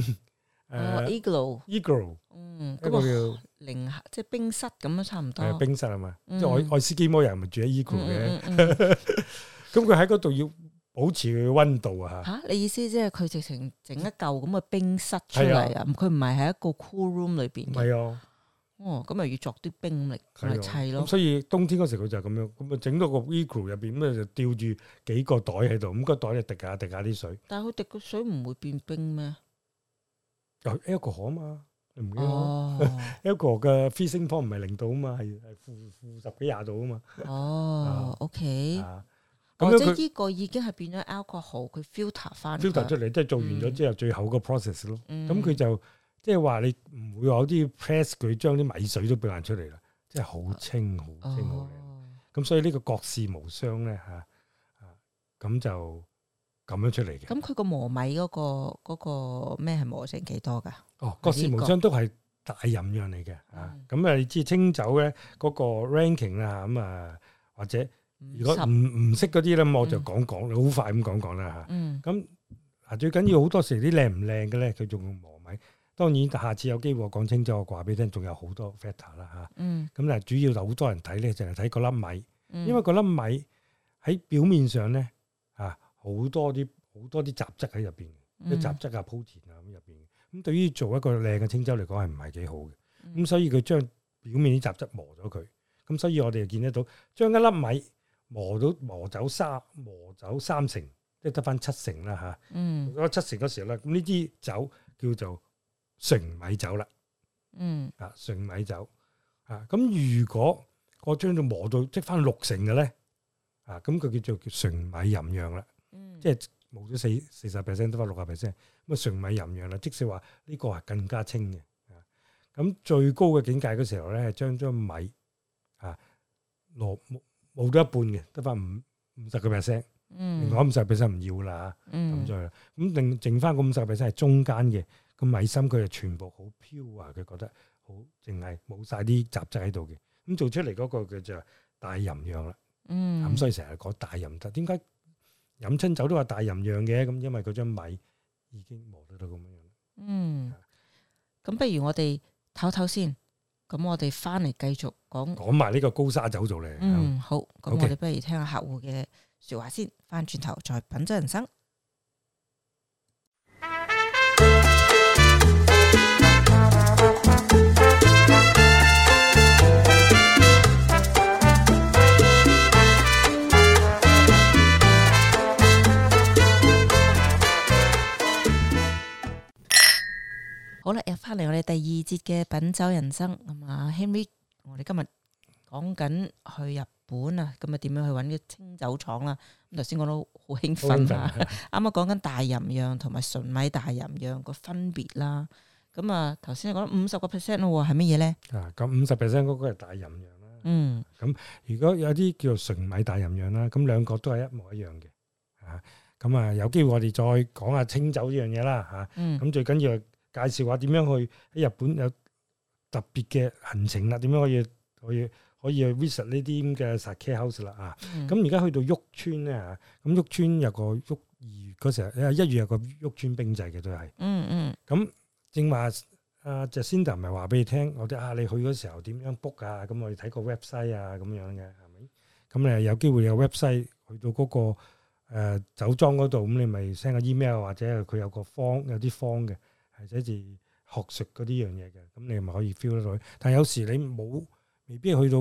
誒 igloo，igloo 嗯，一個叫零下即係冰室咁樣差唔多，係冰室啊嘛，即係愛愛斯基摩人咪住喺 igloo 嘅，咁佢喺嗰度要。保持佢溫度啊！吓，你意思即係佢直情整一嚿咁嘅冰室出嚟啊？佢唔係喺一個 cool room 裏邊嘅。係啊。哦，咁咪要作啲冰力嚟砌咯。咁所以冬天嗰時佢就咁樣，咁啊整到個 igloo 入邊，咁啊就吊住幾個袋喺度，咁個袋咧滴下滴下啲水。但係佢滴個水唔會變冰咩？有 echo 啊嘛，你唔記得咯。echo 嘅 freezing point 唔係零度啊嘛，係係負負十幾廿度啊嘛。哦，OK。或者呢個已經係變咗 alcohol，佢 filter 翻。filter 出嚟，即係做完咗之後，最後個 process 咯、嗯。咁佢、嗯、就即係話你唔會有啲 press，佢將啲米水都過濾出嚟啦，即係好清、好清、好靚。咁、哦、所以呢個國士無雙咧，吓、啊、咁、啊啊啊啊啊、就咁樣出嚟嘅。咁佢個磨米嗰、嗰個嗰、嗰個咩係磨成幾多噶？哦，國士無雙都係大吟釀嚟嘅啊！咁、嗯、啊，你知清酒咧嗰個 ranking 啦、啊，咁啊，啊或者。如果唔唔識嗰啲咧，我就講講，好、嗯、快咁講講啦嚇。咁嗱、嗯、最緊要好多時啲靚唔靚嘅咧，佢仲要磨米。當然下次有機會講清楚我話俾你聽，仲有好多 factor 啦嚇。咁、啊嗯、但係主要就好多人睇咧，淨係睇嗰粒米，嗯、因為嗰粒米喺表面上咧嚇好多啲好多啲雜質喺入邊，啲、嗯、雜質啊、鋪田啊咁入邊。咁、嗯、對於做一個靚嘅清酒嚟講，係唔係幾好嘅？咁、嗯、所以佢將表面啲雜質磨咗佢。咁所以我哋就見得到將一粒米磨到磨走三磨走三成，即係得翻七成啦吓。嗯，嗯、啊，如果七成嗰時候咧，咁呢支酒叫做純米酒啦。嗯，啊純米酒啊，咁如果我將佢磨到即翻六成嘅咧，啊，咁佢叫做叫純米吟釀啦。嗯、即係冇咗四四十 percent，得翻六十 percent。咁啊純米吟釀啦，即使話呢個係更加清嘅。啊，咁最高嘅境界嘅時候咧，將將米啊落木。磨咗一半嘅，得翻五五十個 percent，另外五十 percent 唔要啦，咁就咁，剩剩翻個五十 percent 係中間嘅個米心，佢就全部好飄滑，佢覺得好淨係冇晒啲雜質喺度嘅，咁做出嚟嗰個佢就大吟釀啦，咁所以成日講大吟得，點解飲親酒都話大吟釀嘅？咁因為嗰張米已經磨到到咁樣，嗯，咁不如我哋唞唞先。咁我哋翻嚟繼續講講埋呢個高砂酒造咧。嗯，好。咁我哋不如聽下客戶嘅說話先，翻轉頭再品酒人生。好啦，又翻嚟我哋第二節嘅品酒人生啊嘛，Henry，我哋今日講緊去日本啊，咁啊點樣去搵個清酒廠啦？咁頭先講到好興奮啊，啱啱講緊大吟釀同埋純米大吟釀個分別啦。咁啊，頭先講五十個 percent 咯，係乜嘢咧？啊，咁五十 percent 嗰個係大吟釀啦。嗯。咁如果有啲叫做純米大吟釀啦，咁兩個都係一模一樣嘅。啊，咁啊，有機會我哋再講下清酒呢樣嘢啦。吓，咁最緊要。介紹下點樣去喺日本有特別嘅行程啦？點樣可以可以可以去 visit 呢啲咁嘅 sake house 啦？啊、嗯，咁而家去到旭川咧嚇，咁旭川有個旭二嗰時候，一月有個旭川冰制嘅都係，嗯嗯。咁正話阿 Jacinda 唔係話俾你聽，我哋啊你去嗰時候點樣 book 啊？咁我哋睇個 website 啊咁樣嘅，係咪、嗯？咁你有機會有 website 去到嗰、那個、呃、酒莊嗰度，咁你咪 send 個 email 或者佢有個方有啲方嘅。係寫住學術嗰啲樣嘢嘅，咁你咪可以 feel 得到。但有時你冇，未必去到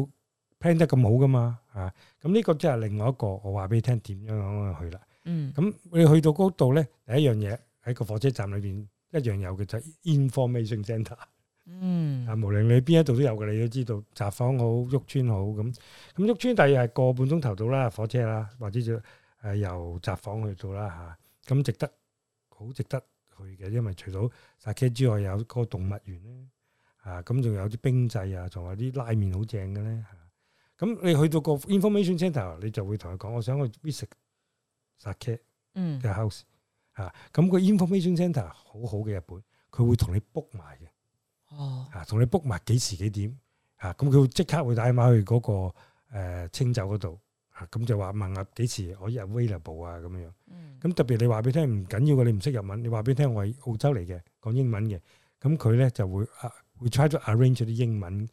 plan 得咁好噶嘛嚇。咁呢個即係另外一個，我話俾你聽點樣去啦。嗯。咁你去到嗰度咧，第一樣嘢喺個火車站裏邊一樣有嘅就 information centre。嗯。啊，無論你邊一度都有嘅，你都知道，札幌好，旭村好咁。咁旭村大約係個半鐘頭到啦，火車啦，或者就誒由札幌去到啦嚇。咁值得，好值得。去嘅，因為除咗殺 c 之外，有個動物園咧，啊，咁仲有啲冰製啊，仲有啲拉麵好正嘅咧，嚇、嗯。咁你去到個 information c e n t e r 你就會同佢講，我想去必食殺 cat，嗯，house，嚇。咁個 information c e n t e r 好好嘅日本，佢會同你 book 埋嘅，哦，啊，同你 book 埋幾時幾點，啊，咁佢會即刻會帶埋去嗰個誒清酒嗰度。咁就話問阿幾時可以 available 啊，咁樣樣，咁、嗯、特別你話俾聽唔緊要嘅，你唔識日文，你話俾聽我係澳洲嚟嘅，講英文嘅，咁佢咧就會啊會、uh, try to arrange 啲英文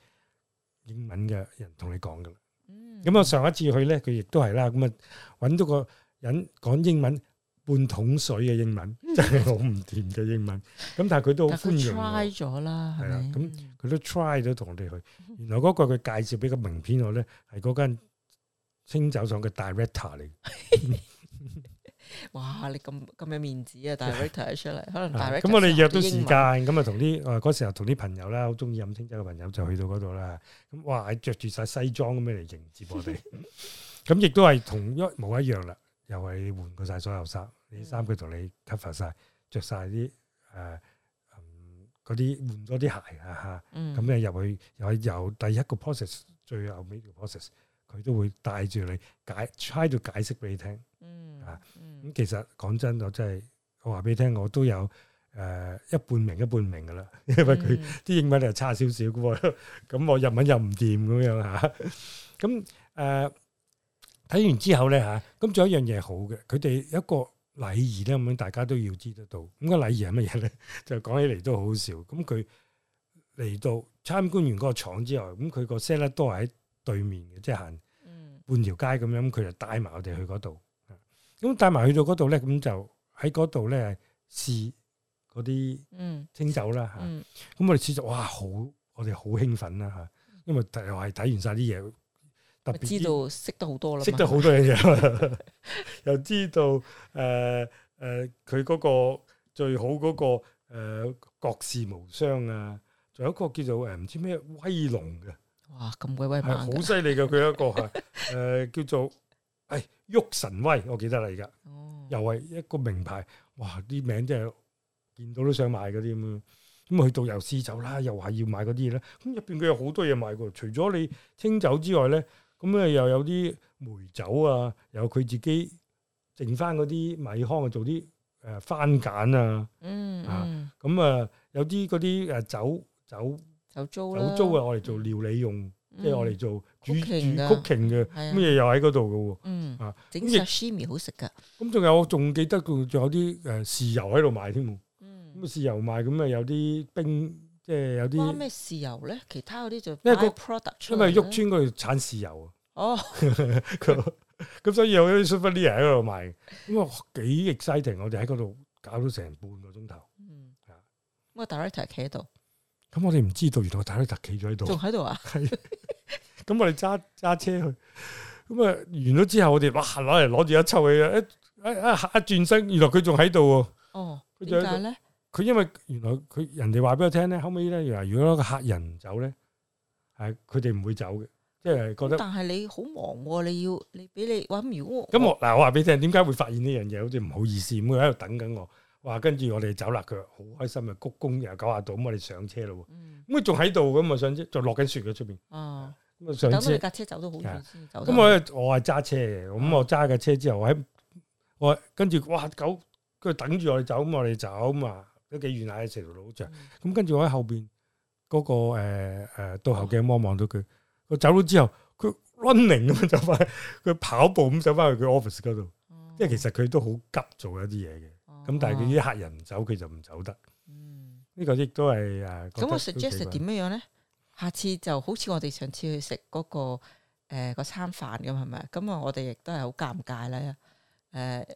英文嘅人同你講嘅啦。咁、嗯、我上一次去咧，佢亦都係啦，咁啊揾到個人講英文半桶水嘅英文，嗯、真係好唔掂嘅英文。咁、嗯、但係佢都好歡迎 Try 咗啦。咁佢都 try 咗同我哋去。原來嗰個佢介紹俾個名片我咧係嗰間。清酒廠嘅 director 嚟， 哇！你咁咁有面子啊！director 出嚟，可能 director 咁我哋約到時間，咁啊同啲嗰時候同啲、 嗯嗯嗯、朋友啦，好中意飲清酒嘅朋友就去到嗰度啦。咁哇，着住晒西裝咁樣嚟迎接我哋。咁亦都係同一模一樣啦，又係換過晒所有衫，啲衫佢同你 cover 晒，着晒啲誒嗰啲換咗啲鞋啊吓。咁咧入去又係由第一個 process 最後尾個 process。佢都會帶住你解，try 到解釋俾你聽。嗯，咁、嗯、其實講真，我真係我話俾你聽，我都有誒、呃、一半明一半唔明嘅啦，因為佢啲英文又差少少嘅喎，咁、嗯嗯、 我日文又唔掂咁樣嚇。咁誒睇完之後咧嚇，咁、啊、仲有一樣嘢好嘅，佢哋一個禮儀咧咁，大家都要知得到。咁個禮儀係乜嘢咧？就講起嚟都好好笑。咁佢嚟到參觀完嗰個廠之後，咁佢個 set 咧都係喺。對面嘅即係行半條街咁樣，佢就帶埋我哋去嗰度。咁帶埋去到嗰度咧，咁就喺嗰度咧試嗰啲清酒啦。咁、嗯嗯啊、我哋試咗，哇！好，我哋好興奮啦吓，因為又係睇完晒啲嘢，特別知道識得好多啦，識得好多嘢，又知道誒誒，佢、呃、嗰、呃、個最好嗰、嗰個誒、呃、國士無雙啊，仲有一個叫做誒唔知咩威龍嘅。哇！咁威威，好犀利嘅。佢一個係誒、 呃，叫做誒旭、哎、神威，我記得嚟而家又係一個名牌。哇！啲名真係見到都想買嗰啲咁。咁去到又試酒啦，又話要買嗰啲嘢啦。咁入邊佢有好多嘢買噶，除咗你清酒之外咧，咁咧又有啲梅酒啊，又有佢自己剩翻嗰啲米糠啊，做啲誒番梘啊嗯。嗯。啊，咁啊，有啲嗰啲誒酒酒。酒有租啦，租啊！我哋做料理用，即係我哋做煮煮曲奇嘅，咩嘢又喺嗰度嘅。嗯啊，整隻 sushi 好食噶。咁仲有，我仲記得佢仲有啲誒，豉油喺度賣添。嗯，咁啊，豉油賣，咁啊有啲冰，即係有啲。乜咩豉油咧？其他嗰啲就因為個 product，因為旭川佢產豉油啊。哦，咁所以有啲 superior 喺度賣。咁啊，幾亦西停，我哋喺嗰度搞咗成半個鐘頭。咁啊 director 企喺度。咁我哋唔知道，原來我大佬就企咗喺度，仲喺度啊？係，咁我哋揸揸車去，咁啊完咗之後我，我哋哇攞嚟攞住一抽佢啊！一啊一轉身，原來佢仲喺度哦。點解咧？佢因為原來佢人哋話俾我聽咧，後尾咧，原來，來如果個客人走咧，係佢哋唔會走嘅，即係覺得。但係你好忙啊，你要你俾你，咁如果咁我嗱，我話俾你聽，點解會發現呢樣嘢，好似唔好意思，咁佢喺度等緊我。哇！跟住我哋走啦，佢好開心啊，鞠躬又九十度，咁我哋上車咯。咁佢仲喺度咁啊，上車就落緊雪嘅出邊。哦，咁啊，上次搭車走咗好先走。咁我我係揸車嘅，咁我揸架車之後喺我跟住哇，狗佢等住我哋走，咁我哋走咁啊，都幾遠啊，成條路好長。咁跟住我喺後邊嗰個誒誒，倒後鏡望望到佢，佢走咗之後，佢 running 咁樣走翻，佢跑步咁走翻去佢 office 嗰度。即係其實佢都好急做一啲嘢嘅。咁但係佢啲客人唔走，佢就唔走得。嗯，呢個亦都係誒。咁我 suggest 點樣樣咧？下次就好似我哋上次去食嗰、那個誒、呃、餐飯咁，係咪？咁啊，我哋亦都係好尷尬啦。誒、呃，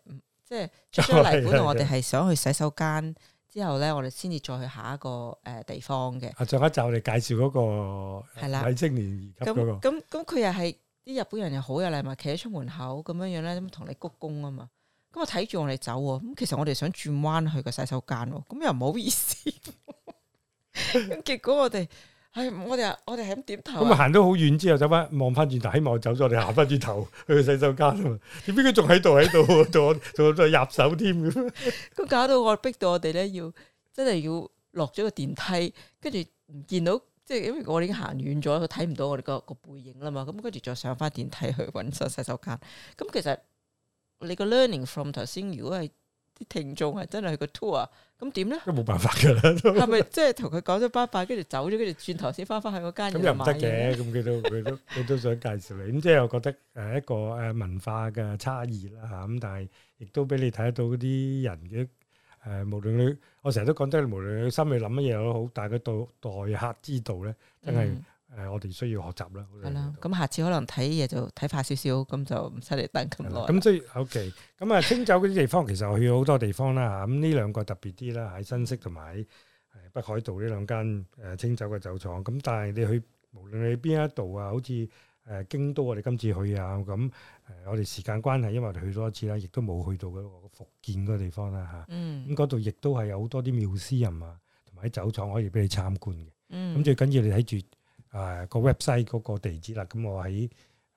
即係出咗嚟，本來、哦、我哋係想去洗手間，的之後咧，我哋先至再去下一個誒地方嘅。啊，上一集我哋介紹嗰個係啦，偽青年嗰個咁咁，佢又係啲日本人又好有禮貌企喺出門口咁樣樣咧，咁同你鞠躬啊嘛。咁我睇住我哋走喎，咁其實我哋想轉彎去個洗手間，咁又唔好意思。咁結果我哋，唉，我哋啊，我哋係咁點頭，咁行咗好遠之後，走翻，望翻轉頭，希望我走咗，我哋行翻轉頭去洗手間。點知佢仲喺度喺度，仲喺度入手添咁，咁搞到我逼到我哋咧，要真係要落咗個電梯，跟住唔見到，即係因為我已經行遠咗，佢睇唔到我哋個個背影啦嘛。咁跟住再上翻電梯去搵個洗手間，咁其實。你個 learning from 頭先，如果係啲聽眾係真係個 tour，咁點咧？都冇辦法㗎啦。係咪即係同佢講咗拜拜，跟住走咗，跟住轉頭先翻返去個間？咁又唔得嘅，咁佢都佢都佢都想介紹你。咁即係我覺得誒、呃、一個誒文化嘅差異啦嚇。咁但係亦都俾你睇得到嗰啲人嘅誒、呃，無論你我成日都講得，無論你心裏諗乜嘢都好，但係佢待待客之道咧，真係。嗯。誒，我哋需要學習啦。係啦，咁下次可能睇嘢就睇快少少，咁就唔使嚟等咁耐。咁所以 OK，咁啊，清酒嗰啲地方其實我去好多地方啦嚇，咁呢兩個特別啲啦，喺新潟同埋喺北海道呢兩間誒清酒嘅酒廠。咁但係你去無論你邊一度啊，好似誒京都，我哋今次去啊，咁誒我哋時間關係，因為我哋去咗一次啦，亦都冇去到嗰個福建嗰個地方啦嚇。嗯，咁嗰度亦都係有好多啲妙師人啊，同埋喺酒廠可以俾你參觀嘅。嗯，咁最緊要你睇住。誒個 website 嗰個地址啦，咁我喺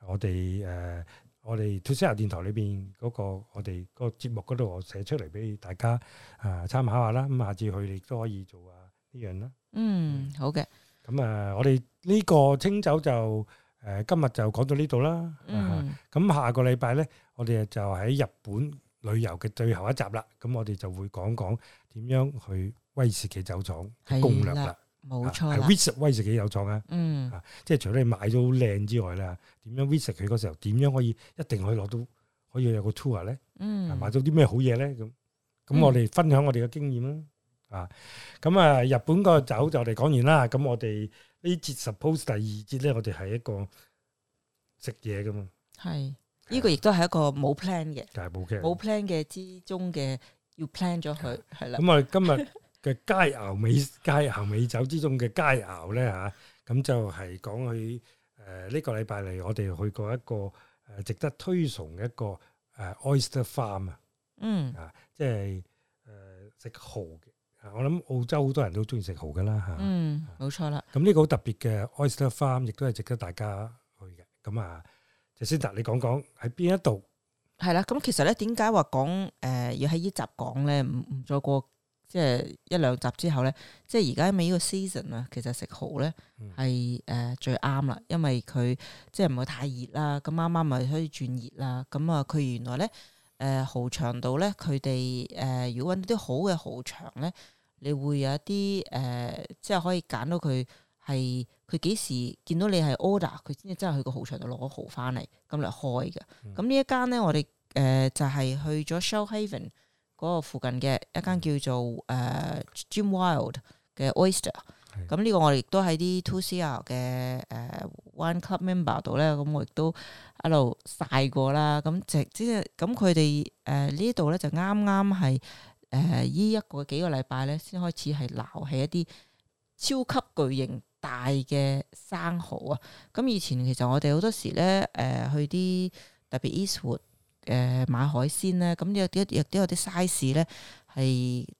我哋誒我哋 2CR 電台裏邊嗰個我哋個節目嗰度，我寫出嚟俾大家誒參考下啦。咁下次佢哋都可以做啊呢樣啦。嗯，好嘅。咁誒，我哋呢個清酒就誒今日就講到呢度啦。嗯。咁下個禮拜咧，我哋就喺日本旅遊嘅最後一集啦。咁我哋就會講講點樣去威士忌酒廠攻略啦。冇錯，係 visit 威是幾有創啊！嗯，啊，即係除咗你買到靚之外咧，點樣 visit 佢嗰時候，點樣可以一定可以攞到，可以有個 tour 咧？嗯，買到啲咩好嘢咧？咁咁，我哋分享我哋嘅經驗啦。啊，咁啊，日本個酒就我哋講完啦。咁我哋呢節 suppose 第二節咧，我哋係一個食嘢噶嘛。係，呢個亦都係一個冇 plan 嘅，但係冇 plan，冇 plan 嘅之中嘅要 plan 咗佢，係啦。咁我哋今日。嘅佳肴美佳肴美酒之中嘅佳肴咧嚇，咁就係講佢誒呢個禮拜嚟我哋去過一個誒值得推崇嘅一個誒 oyster farm 啊，嗯啊，即係誒食蠔嘅，我諗澳洲好多人都中意食蠔噶啦吓，嗯，冇錯啦。咁呢個好特別嘅 oyster farm 亦都係值得大家去嘅。咁啊，Jacinda，你講講喺邊一度？係啦，咁其實咧，點解話講誒要喺呢集講咧？唔唔再過。即係一兩集之後咧，即係而家咪呢個 season 啊，其實食蠔咧係誒最啱啦，因為佢即係唔會太熱啦。咁啱啱咪可以轉熱啦。咁、嗯、啊，佢原來咧誒、呃、蠔場度咧，佢哋誒如果揾到啲好嘅蠔場咧，你會有一啲誒、呃，即係可以揀到佢係佢幾時見到你係 order，佢先至真係去個蠔場度攞蠔翻嚟咁嚟開嘅。咁、嗯嗯、呢一間咧，我哋誒、呃、就係、是、去咗 Shoalhaven。嗰個附近嘅一間叫做誒 Jim Wild 嘅 Oyster，咁呢的個我哋都喺啲 Two C R 嘅誒 One Club Member 度咧，咁我亦都一路晒過啦。咁即即係咁佢哋誒呢度咧就啱啱係誒呢一個幾個禮拜咧先開始係撈起一啲超級巨型大嘅生蠔啊！咁以前其實我哋好多時咧誒、呃、去啲特別 Eastwood。誒買、呃、海鮮咧，咁有啲有啲有啲 size 咧，係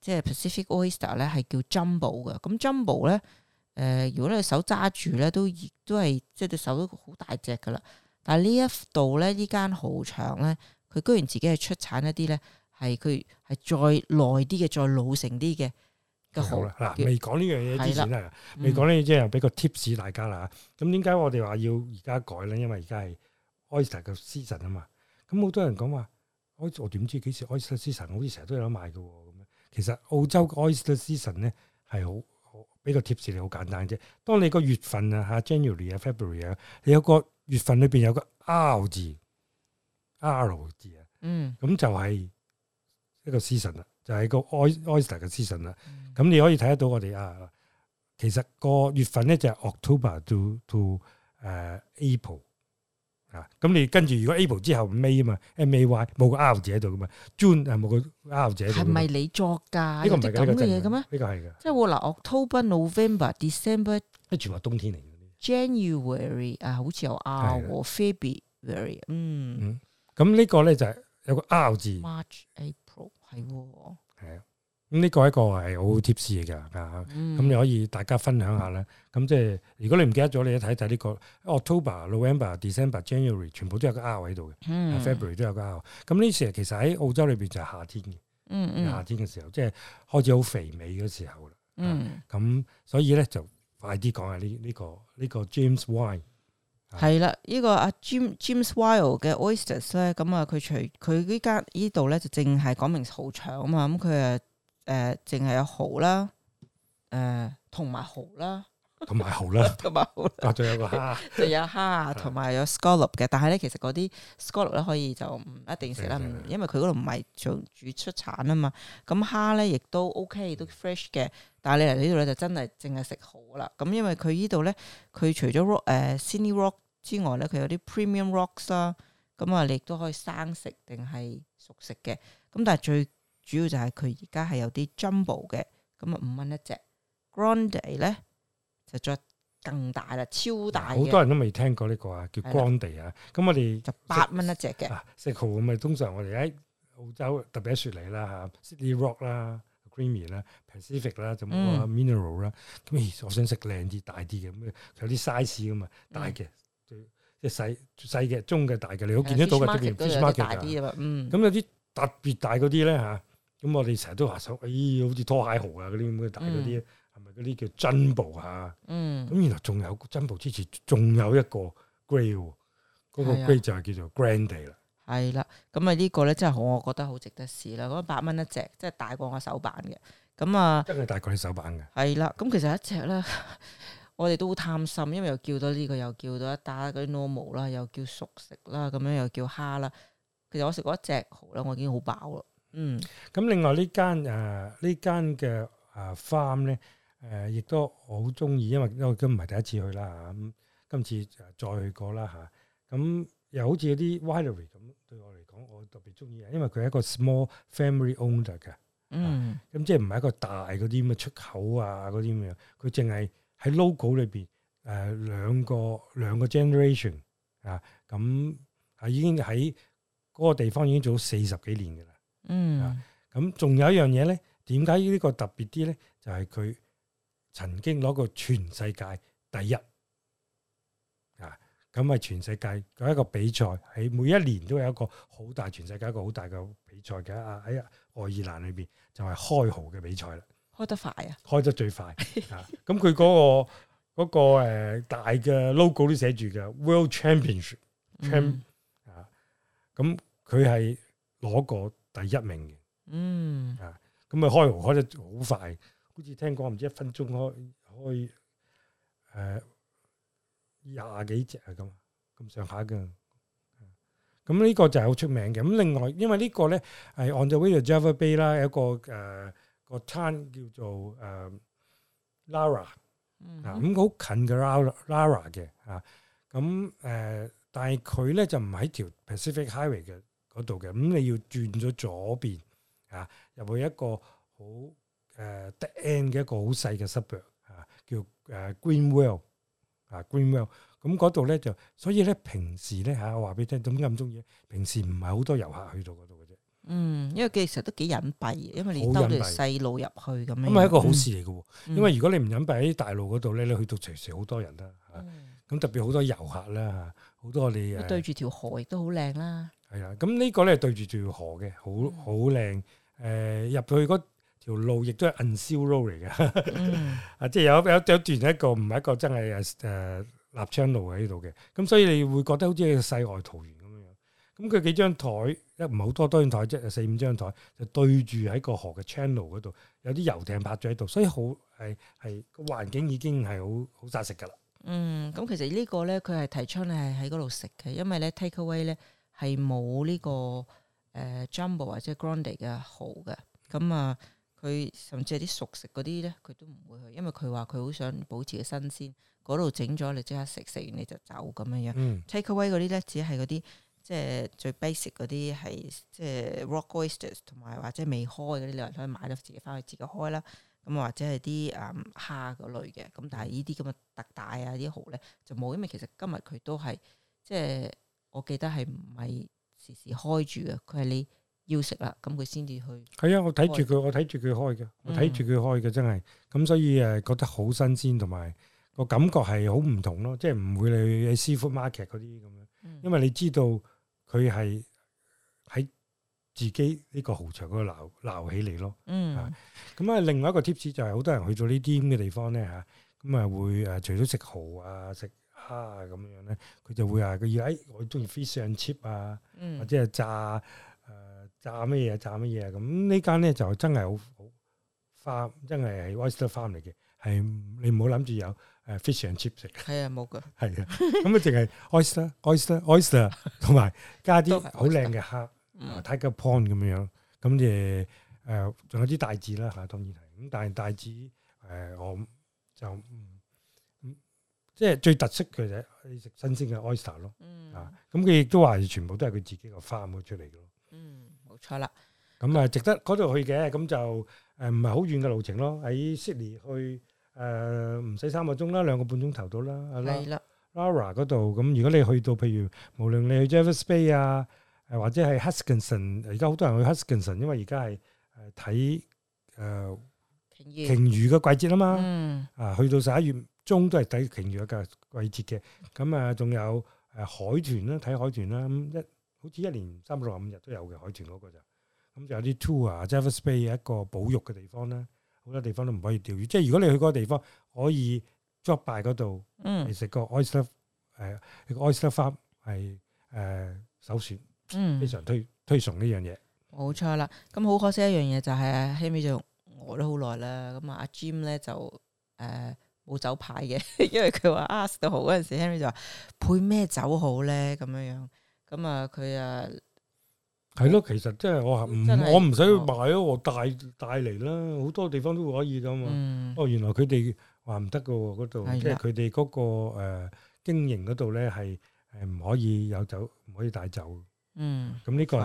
即係 Pacific oyster 咧、um，係叫 jumbo 嘅。咁 jumbo 咧，誒如果你手揸住咧，都都係即係隻手都好大隻噶啦。但係呢一度咧，間呢間蠔場咧，佢居然自己係出產一啲咧，係佢係再耐啲嘅，再老成啲嘅蠔啦、嗯，嗱叫，未講呢樣嘢之前咧，未講呢嘢即係又俾個 tips 大家啦。咁點解我哋話要而家改咧？因為而家係 oyster 嘅 season 啊嘛。咁好多人講話，我 season, 我點知幾時？Oyster season 好似成日都有得賣嘅喎。咁樣其實澳洲個 Oyster season 咧係好，俾個貼士你，好簡單啫。當你個月份啊，吓 January 啊、February 啊，你有個月份裏邊有個 R 字，R 字啊，嗯，咁就係一個 season 啦，就係個 O y s t e r 嘅 season 啦。咁你可以睇得到我哋啊，其實個月份咧就 October to to 誒、uh, April。啊！咁你跟住如果 April 之後 May 啊嘛，May 冇個 R 字喺度噶嘛，June 係冇個 R 字喺度。係咪你作㗎呢個唔係咁嘅嘢嘅咩？呢個係㗎。即係我嗱 October、November、December，都全話冬天嚟嘅。January 啊，好似有 R 喎，February。嗯嗯，咁呢個咧就係有個 R 字。March、April 係喎。係啊。咁呢個一個係好好貼士嚟㗎嚇，咁你可以大家分享下啦。咁、嗯、即係如果你唔記得咗，你一睇就呢個 October、November、December、January 全部都有個 R 喺度嘅，February 都有個 R。咁呢時其實喺澳洲裏邊就係夏天嘅，嗯嗯、夏天嘅時候即係開始好肥美嘅時候啦。咁、嗯嗯、所以咧就快啲講下呢、這、呢個呢、這個 Jim Wild 係啦、嗯，呢、這個阿 Jim Wild 嘅 Oysters 咧，咁啊佢除佢呢間呢度咧就淨係講明蠔場啊嘛，咁佢啊～誒，淨係有蠔啦，誒，同埋蠔啦，同埋蠔啦，同埋蠔，仲有個蝦，仲有蝦，同埋有 scallop 嘅。但係咧，其實嗰啲 scallop 咧可以就唔一定食啦，因為佢嗰度唔係常煮出產啊嘛。咁蝦咧亦都 OK，都 fresh 嘅。但係你嚟呢度咧就真係淨係食蠔啦。咁因為佢呢度咧，佢除咗誒 Sydney rock 之外咧，佢有啲 premium rocks 啦。咁啊，你亦都可以生食定係熟食嘅。咁但係最主要就係佢而家係有啲 jumbo 嘅，咁啊五蚊一隻。Grande 咧就着更大啦，超大。好多人都未聽過呢個啊，叫 Grande 啊。咁我哋就八蚊一隻嘅。食蠔咁啊，通常我哋喺澳洲特別喺雪梨啦 Sydney Rock 啦，Creamy 啦，Pacific 啦，咁啊 Mineral 啦。咁我想食靚啲大啲嘅，咁有啲 size 咁嘛，大嘅即係細細嘅、中嘅、大嘅，你有見得到嘅就叫 big market。咁有啲特別大嗰啲咧嚇。咁我哋成日都話想，咦，好似拖鞋蠔啊嗰啲咁嘅，大嗰啲係咪嗰啲叫珍寶啊？嗯，咁原來仲有珍寶之前仲有一個 grade，嗰個 grade 就係叫做 Grande 啦。係啦，咁啊呢個咧真係好，我覺得好值得試啦。一百蚊一隻，即係大過我手板嘅。咁啊，真係大過你手板嘅。係啦，咁其實一隻啦，我哋都好貪心，因為又叫到呢個，又叫到一打嗰啲 normal 啦，又叫熟食啦，咁樣又叫蝦啦。其實我食過一隻蠔啦，我已經好飽啦。嗯，咁另外呢間誒呢、呃、間嘅誒 farm 咧誒，亦都我好中意，因為都唔係第一次去啦吓，咁今次再去過啦吓，咁、啊、又好似有啲 winery 咁，對我嚟講我特別中意，因為佢係一個 small family owner 嘅，啊、嗯，咁即係唔係一個大嗰啲咩出口啊嗰啲咁樣，佢淨係喺 logo 裏邊誒、呃、兩個兩個 generation 啊，咁、嗯、啊已經喺嗰個地方已經做咗四十幾年噶啦。嗯，咁仲有一樣嘢咧，點解呢個特別啲咧？就係、是、佢曾經攞過全世界第一啊。咁啊，全世界佢一個比賽，喺每一年都有一個好大全世界一個好大嘅比賽嘅啊。喺愛爾蘭裏邊就係、是、開蠔嘅比賽啦，開得快啊，開得最快啊。咁佢嗰個嗰、那個誒大嘅 logo 都寫住嘅 World Championship, Championship。啊，咁佢係攞過。第一名嘅，嗯啊，咁啊開蠔開得好快，好似聽講唔知一分鐘開開誒廿幾隻啊咁咁上下嘅。咁呢個就係好出名嘅。咁另外，因為呢個咧係 on the way to Jervis Bay 啦，有一個誒個 town 叫做誒 Lara 啊，咁好近嘅 Lara 嘅啊。咁、嗯、誒、嗯嗯，但係佢咧就唔係喺條 Pacific Highway 嘅。嗰度嘅，咁你要轉咗左邊啊，入去一個好誒 end 嘅一個好細嘅 suburb 啊，叫誒 Greenwell 啊 Greenwell，咁嗰度咧就，所以咧平時咧吓，我話俾你聽，點解咁中意？平時唔係好多遊客去到嗰度嘅啫。嗯，因為佢其實都幾隱蔽，因為你兜住細路入去咁樣。咁係一個好事嚟嘅，嗯、因為如果你唔隱蔽喺大路嗰度咧，你去到隨時好多人啦。咁、啊嗯、特別好多遊客啦，好多你，嗯、你對住條河亦都好靚啦。係啦，咁呢、這個咧對住住河嘅，好好靚。誒、嗯呃，入去嗰條路亦都係 unsealed road 嚟嘅，啊、嗯， 即係有有有段一個唔係一個真係誒 channel 喺度嘅。咁、uh, uh, 所以你會覺得好似世外桃源咁樣。咁佢幾張台，唔係好多多張台，即係四五張台，就對住喺個河嘅 channel 嗰度，有啲遊艇泊咗喺度，所以好係係個環境已經係好好紮實噶啦。嗯，咁其實個呢個咧，佢係提倡你係喺嗰度食嘅，因為咧 takeaway 咧。Take away 係冇呢個誒、呃、jumbo 或者 Grande 嘅蠔嘅，咁啊佢甚至係啲熟食嗰啲咧，佢都唔會去，因為佢話佢好想保持個新鮮。嗰度整咗你即刻食，食完你就走咁樣樣。嗯、takeaway 嗰啲咧，只係嗰啲即係最 basic 嗰啲係即係 rock oysters 同埋或者未開嗰啲，你可以買到自己返去自己開啦。咁或者係啲誒蝦嗰類嘅，咁但係呢啲咁嘅特大啊啲蠔咧就冇，因為其實今日佢都係即係。我記得係唔係時時開住嘅，佢係你要食啦，咁佢先至去。係啊，我睇住佢，我睇住佢開嘅，我睇住佢開嘅，真係。咁、嗯、所以誒覺得好新鮮，同埋個感覺係好唔同咯，即係唔會你 Seafood Market 嗰啲咁樣，因為你知道佢係喺自己呢個蠔場嗰度撈撈起嚟咯。嗯。咁啊，另外一個 tips 就係、是、好多人去咗呢啲咁嘅地方咧吓，咁啊會誒除咗食蚝啊食。啊咁樣咧，佢就會話佢以為我中意 fish and chip 啊、嗯，或者係炸誒、呃、炸乜嘢炸乜嘢咁，呢間咧就真係好好花，真係係 oyster farm 嚟嘅，係你唔好諗住有誒 fish and chip 食。係啊、嗯，冇噶。係啊，咁啊淨係 oyster，oyster，oyster，同埋加啲好靚嘅蝦 tiger pond 咁樣，咁、嗯呃、就，誒仲有啲帶子啦，吓當然係咁，但係帶子誒我就即係最特色嘅就係食新鮮嘅 oyster 咯，嗯、啊咁佢亦都話全部都係佢自己個 farm 出嚟嘅咯。嗯，冇錯啦。咁啊、嗯，值得嗰度去嘅，咁就誒唔係好遠嘅路程咯。喺 Sydney 去誒唔使三個鐘啦，兩個半鐘頭到啦。係啦，Lara 嗰度。咁的如果你去到譬如，無論你去 Jervis Bay 啊，誒或者係 Huskisson 而家好多人去 Huskisson 因為而家係誒睇誒鯨魚嘅季節啊嘛。嗯、啊，去到十一月。中都係睇鯨魚嘅季節嘅，咁、嗯、啊，仲有誒、呃、海豚啦，睇海豚啦，咁、嗯、一好似一年三百六十五日都有嘅海豚嗰個就，咁就有啲 tour 啊，Jervis Bay 一個保育嘅地方啦，好多地方都唔可以釣魚，即係如果你去嗰個地方可以 drop by 嗰度你食個 oyster 誒，個 oyster farm 係誒首選，非常推推崇呢樣嘢，冇錯啦。咁好可惜一樣嘢就係、是、啊就，希美就餓咗好耐啦，咁啊阿 Jim 咧就誒。冇酒牌嘅，因為佢話 ask 到好嗰陣時，Henry 就話配咩酒好咧咁樣樣，咁啊佢啊係咯，其實即係我唔我唔使買咯，我帶帶嚟啦，好多地方都可以噶嘛。哦，原來佢哋話唔得噶喎，嗰度即係佢哋嗰個誒經營嗰度咧係係唔可以有酒，唔可以帶酒。嗯，咁呢個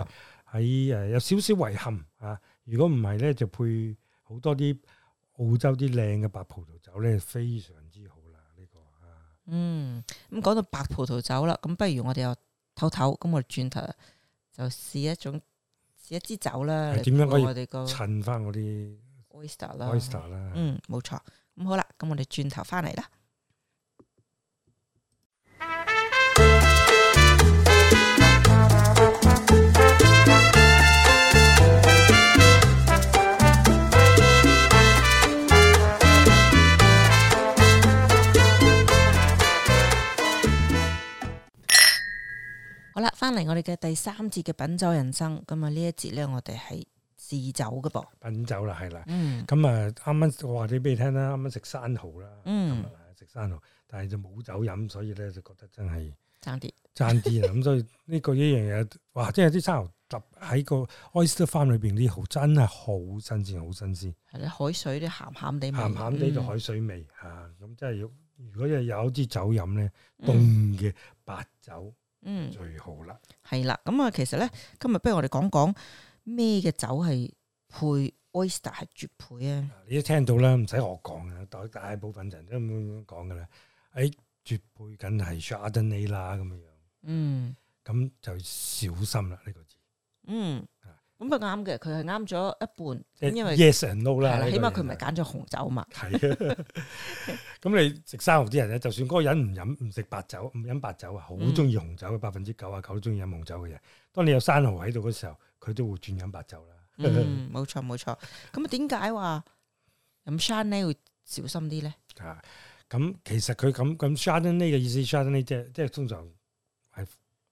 喺誒有少少遺憾啊。如果唔係咧，就配好多啲。澳洲啲靚嘅白葡萄酒咧，非常之好啦，呢、這個啊、嗯。嗯，咁講到白葡萄酒啦，咁 不如我哋又唞唞，咁我哋轉頭就試一種試一支酒啦。點、啊、樣可以我襯翻嗰啲 Oyster 啦，Oyster 啦。Oy 嗯，冇錯。咁好啦，咁我哋轉頭翻嚟啦。好啦，翻嚟我哋嘅第三節嘅品酒人生，咁啊呢一節咧，我哋係自酒嘅噃，品酒啦，係啦，嗯，咁啊，啱啱我話啲俾你聽啦，啱啱食生蠔啦，嗯，食生蠔，但係就冇酒飲，所以咧就覺得真係爭啲，爭啲啊，咁所以呢個一樣嘢，哇，即係啲生蠔執喺個 oyster farm 裏邊啲蠔，真係好新鮮，好新鮮，係咧，海水都鹹鹹地，鹹鹹地就海水味吓，咁即係如果又有一支酒飲咧，凍嘅白酒。嗯，最好啦，係啦，咁啊，其實咧，今日不如我哋講講咩嘅酒係配 Oyster 係絕配啊！你都聽到啦，唔使我講嘅，大大部分人都咁樣講噶啦。誒、哎，絕配梗係 Chardonnay 啦，咁樣樣，嗯，咁就小心啦呢、這個字，嗯。咁佢啱嘅，佢係啱咗一半，咁因為係 Yes and no 啦，起碼佢唔係揀咗紅酒嘛。係啊，咁你食生蠔啲人咧，就算嗰個人唔飲唔食白酒，唔飲白酒啊，好中意紅酒嘅百分之九啊九都中意飲紅酒嘅人，當你有生蠔喺度嘅時候，佢都會轉飲白酒啦。冇錯冇錯。咁啊，點解話飲生呢會小心啲咧？啊，咁其實佢咁咁生呢嘅意思，生呢即即係通常。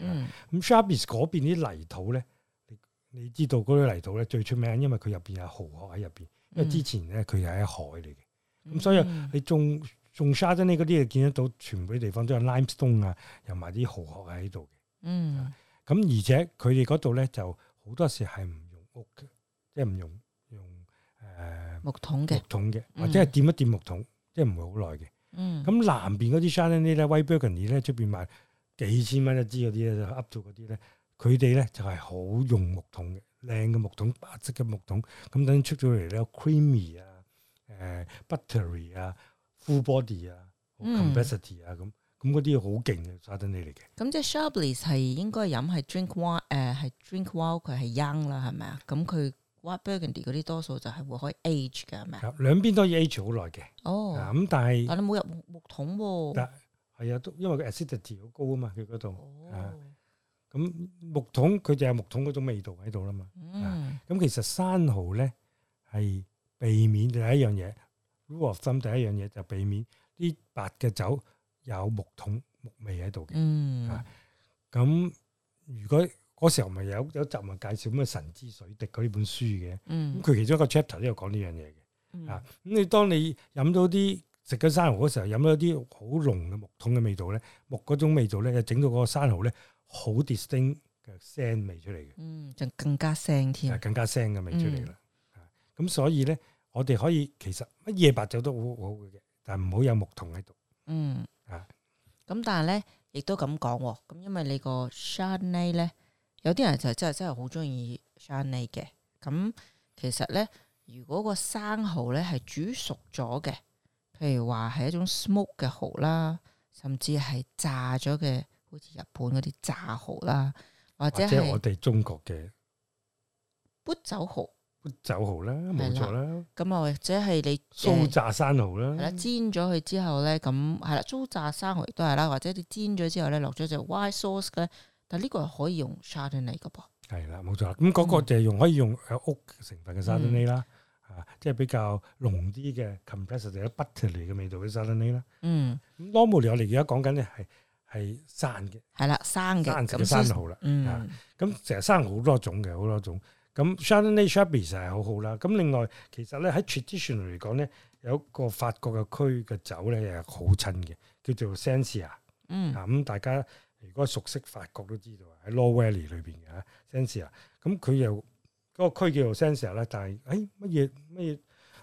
嗯，咁 Chablis 嗰邊啲泥土咧，你你知道嗰啲泥土咧最出名，因為佢入邊有蠔殼喺入邊。因為之前咧佢係喺海嚟嘅，咁、嗯、所以你種種 Chardonnay 呢嗰啲，就見得到全部啲地方都有 limestone 啊，又埋啲蠔殼喺度嘅。嗯，咁而且佢哋嗰度咧就好多時係唔用屋嘅，即係唔用用誒、呃、木桶嘅木桶嘅，或者係掂一掂木桶，即係唔會好耐嘅。咁、嗯、南邊嗰啲 Chardonnay 呢，咧 White Burgundy 咧出邊買。幾千蚊一支嗰啲咧，up to 嗰啲咧，佢哋咧就係好用木桶嘅，靚嘅木桶，白色嘅木桶，咁等出咗嚟咧，creamy 啊，誒 buttery 啊，full body 啊 complexity 啊，咁咁嗰啲好勁嘅 s u 你嚟嘅。咁即係 Chardonnay 係應該飲係 drink w、呃、one，誒係 drink while 佢係 young 啦，係咪啊？咁佢 white burgundy 嗰啲多數就係會可以 age 嘅，係咪啊？兩邊都可以 age 好耐嘅。哦。咁但係。但你冇入木木桶喎、啊。係啊，都因為佢 acidity 好高啊嘛，佢嗰度啊，咁木桶佢就有木桶嗰種味道喺度啦嘛。咁其實生蠔咧係避免第一樣嘢，rule of thumb 第一樣嘢就避免啲白嘅酒有木桶木味喺度嘅。咁如果嗰時候咪有有雜文介紹咩《神之水滴》嗰本書嘅，咁佢其中一個 chapter 都有講呢樣嘢嘅。啊，咁你當你飲到啲。食緊生蠔嗰時候飲咗啲好濃嘅木桶嘅味道咧，木嗰種味道咧，就整到嗰個生蠔咧好 distinct 嘅腥味出嚟嘅，嗯，仲更加腥添，更加腥嘅味出嚟啦。咁、嗯啊、所以咧，我哋可以其實乜嘢白酒都好好嘅，但係唔好有木桶喺度。嗯，啊，咁但係咧，亦都咁講，咁因為你個 Chardonnay 咧，有啲人就真係真係好中意 Chardonnay 嘅。咁其實咧，如果個生蠔咧係煮熟咗嘅。譬如話係一種 smoke 嘅蠔啦，甚至係炸咗嘅，好似日本嗰啲炸蠔啦，或者係即係我哋中國嘅缽酒蠔、缽酒蠔啦，冇錯啦。咁啊，或者係你酥炸生蠔啦，煎咗佢之後咧，咁係啦，酥炸生蠔亦都係啦，或者你煎咗之後咧，落咗隻 white sauce 咧，但係呢個可以用 Chardonnay 嘅噃，係啦，冇錯。咁嗰個就係用可以用有屋成分嘅 Chardonnay 啦。嗯。即係比較濃啲嘅 complexity 有 buttery 嘅味道嘅 Chardonnay 啦。嗯，咁 normal 嚟，我哋而家講緊咧係係生嘅，係啦，生嘅。生生就好啦。嗯。咁成日生好多種嘅，好多種。咁 Chardonnay Chablis 實係好好啦。咁另外，其實咧喺 tradition 嚟講咧，有一個法國嘅區嘅酒咧係好襯嘅，叫做 Sancerre。嗯。啊，咁、嗯嗯、大家如果熟悉法國都知道喺 Loire Valley 裏邊嘅 Sancerre，咁佢又。啊啊啊啊啊啊啊個區叫做 sensor 咧，但係誒乜嘢乜嘢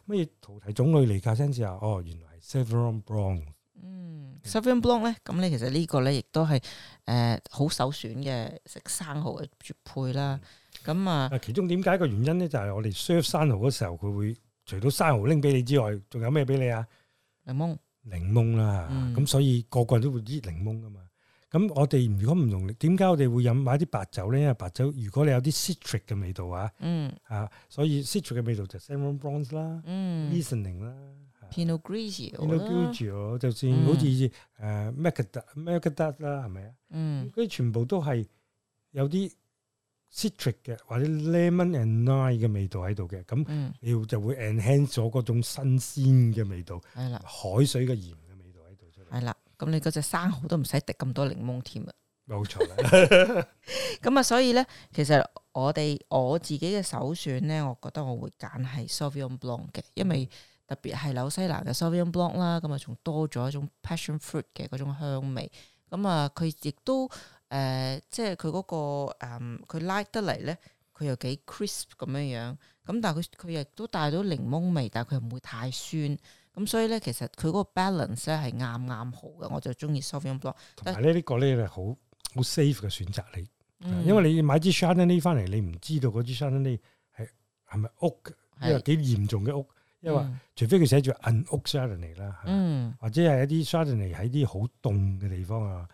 乜嘢葡萄種類嚟噶 sensor 啊？Ier, 哦，原來係 Sauvignon Blanc。嗯 Sauvignon Blanc 咧，咁咧其實呢個咧亦都係誒好首選嘅食生蠔嘅絕配啦。咁啊，其中點解個原因咧，就係我哋 serve 生蠔嗰時候，佢會除咗生蠔拎俾你之外，仲有咩俾你啊？檸檬，檸檬啦，咁、嗯、所以個個人都會醃檸檬噶嘛。咁我哋如果唔用，點解我哋會飲買啲白酒咧？因為白酒如果你有啲 citric 嘅味道啊，嗯啊，所以 citric 嘅味道就 Sauvignon Blanc 啦，um，Riesling 啦，Pinot Grigio，Pinot Grigio 就算好似誒 macad macad 啦，係咪啊？嗯，嗰啲全部都係有啲 citric 嘅或者 lemon and lime 嘅味道喺度嘅，咁你就會 enhance 咗嗰種新鮮嘅味道，係啦，海水嘅鹽嘅味道喺度出嚟，係啦。咁你嗰隻生蠔都唔使滴咁多檸檬添錯 啊，冇錯。咁啊，所以咧，其實我哋我自己嘅首選咧，我覺得我會揀係 Sauvignon Blanc 嘅，因為特別係紐西蘭嘅 Sauvignon Blanc 啦，咁啊仲多咗一種 passion fruit 嘅嗰種香味。咁啊，佢亦都誒、呃，即係佢嗰個誒，佢、呃、拉得嚟，咧，佢又幾 crisp 咁樣樣。咁但係佢佢亦都帶到檸檬味，但係佢又唔會太酸。咁、嗯、所以咧，其實佢嗰個 balance 咧係啱啱好嘅，我就中意 Sauvignon Blanc。同埋咧，呢個咧係好好 safe 嘅選擇你、嗯、因為你買支 Chardonnay 翻嚟，你唔知道嗰支 Chardonnay 係咪屋，是因為幾嚴重嘅屋，嗯、因為除非佢寫住 un 屋 Chardonnay 啦，嗯、或者係一啲 Chardonnay 喺啲好凍嘅地方啊，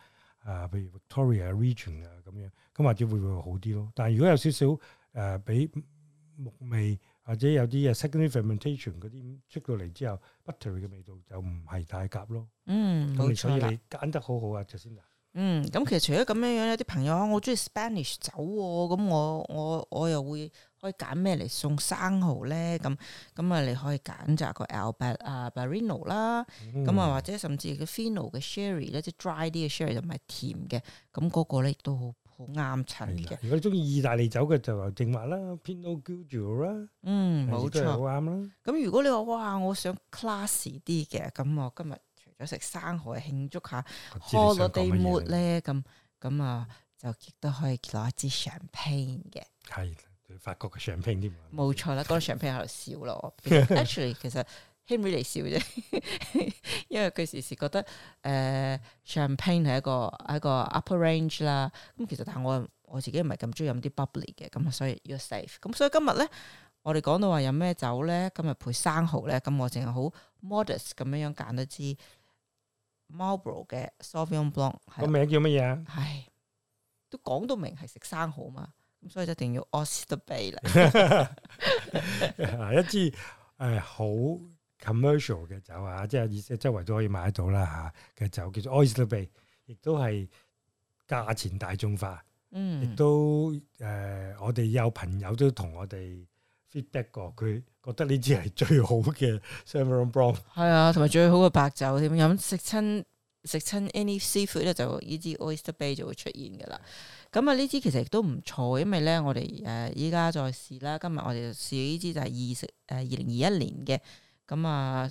啊、呃，譬如 Victoria region 啊咁樣，咁或者會會好啲咯。但係如果有少少誒，俾、呃、木味。或者有啲啊 secondary fermentation 嗰啲出到嚟之後，buttery 嘅味道就唔係太夾咯。嗯，你錯所以你揀得好好啊，Jacinda 嗯，咁、嗯、其實除咗咁樣樣，有啲朋友話我中意 Spanish 酒喎，咁我我我又會可以揀咩嚟送生蠔咧？咁咁啊，你可以揀就係個 Albariño 啦、嗯，咁啊或者甚至個 Fino 嘅 Sherry 咧，即係 dry 啲嘅 Sherry 就唔係甜嘅，咁嗰個咧亦都好。好啱襯嘅。如果你中意意大利酒嘅，就話正話啦，Pinot Grigio 啦，ura，嗯，冇錯，好啱啦。咁如果你話哇，我想 classy 啲嘅，咁我今日除咗食生蠔慶祝下，喝嗰啲沫咧，咁咁啊，嗯嗯、就亦都可以攞一支香檳嘅。係，法國嘅香檳添。冇錯啦，嗰個香檳又少咯。Actually， 其實。其實 Henry 嚟笑啫，因為佢時時覺得，誒，champagne 係一個一個 upper range 啦。咁其實但係我我自己唔係咁中意飲啲 bubbly 嘅，咁啊所以 you're safe。咁所以今日咧，我哋講到話飲咩酒咧，今日配生蠔咧，咁我淨係好 modest 咁樣樣揀一支 Marlborough 嘅 Sauvignon Blanc。個名叫乜嘢啊？唉，都講到明係食生蠔嘛，咁所以一定要 Oyster Bay 啦。一支誒好～commercial 嘅酒啊，即係意思，周圍都可以買得到啦嚇嘅酒叫做 Oyster Bay，亦都係價錢大眾化。嗯，亦都誒、呃，我哋有朋友都同我哋 feedback 過，佢覺得呢支係最好嘅、um。Sauvignon Blanc 係啊，同埋最好嘅白酒添。咁食親食親 any seafood 咧，就呢支 Oyster Bay 就會出現㗎啦。咁啊，呢支其實亦都唔錯，因為咧，我哋誒依家再試啦。今日我哋就試呢支就係二十誒二零二一年嘅。咁啊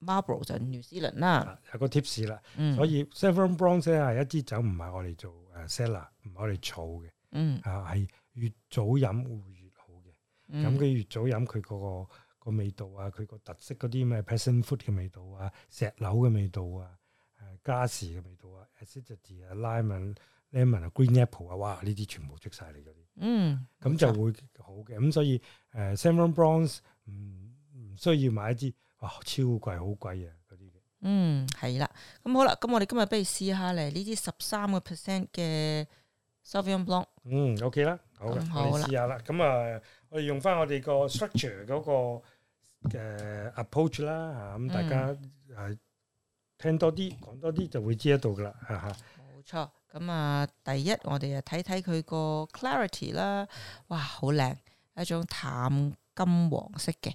，Marlborough 就係 New Zealand 啦，有個 tips 啦，所以 Sauvignon Blanc 咧，係一支酒，唔係我哋做誒 cellar，唔係我哋儲嘅，啊，係越早飲會越好嘅。咁佢越早飲，佢嗰個個味道啊，佢個特色嗰啲咩 passion fruit 嘅味道啊，石榴嘅味道啊，誒加時嘅味道啊，acidity 啊，lime lemon green apple 啊，哇！呢啲全部出晒嚟咗，嗯，咁就會好嘅。咁所以誒 Sauvignon Blanc，嗯。唔需要買一支哇，超貴，好貴啊！嗰啲嘅。嗯係啦，咁好啦，咁我哋今日不如試下咧呢啲十三個 percent 嘅 Sauvignon Blanc。嗯，OK 啦，嗯、好，我哋試下啦。咁啦啊，我哋用翻我哋 st 個 structure 嗰個嘅 approach 啦。咁、啊、大家誒聽多啲，嗯、講多啲就會知得到噶啦。嚇嚇，冇錯。咁啊，第一我哋啊睇睇佢個 clarity 啦，哇，好靚，一種淡金黃色嘅。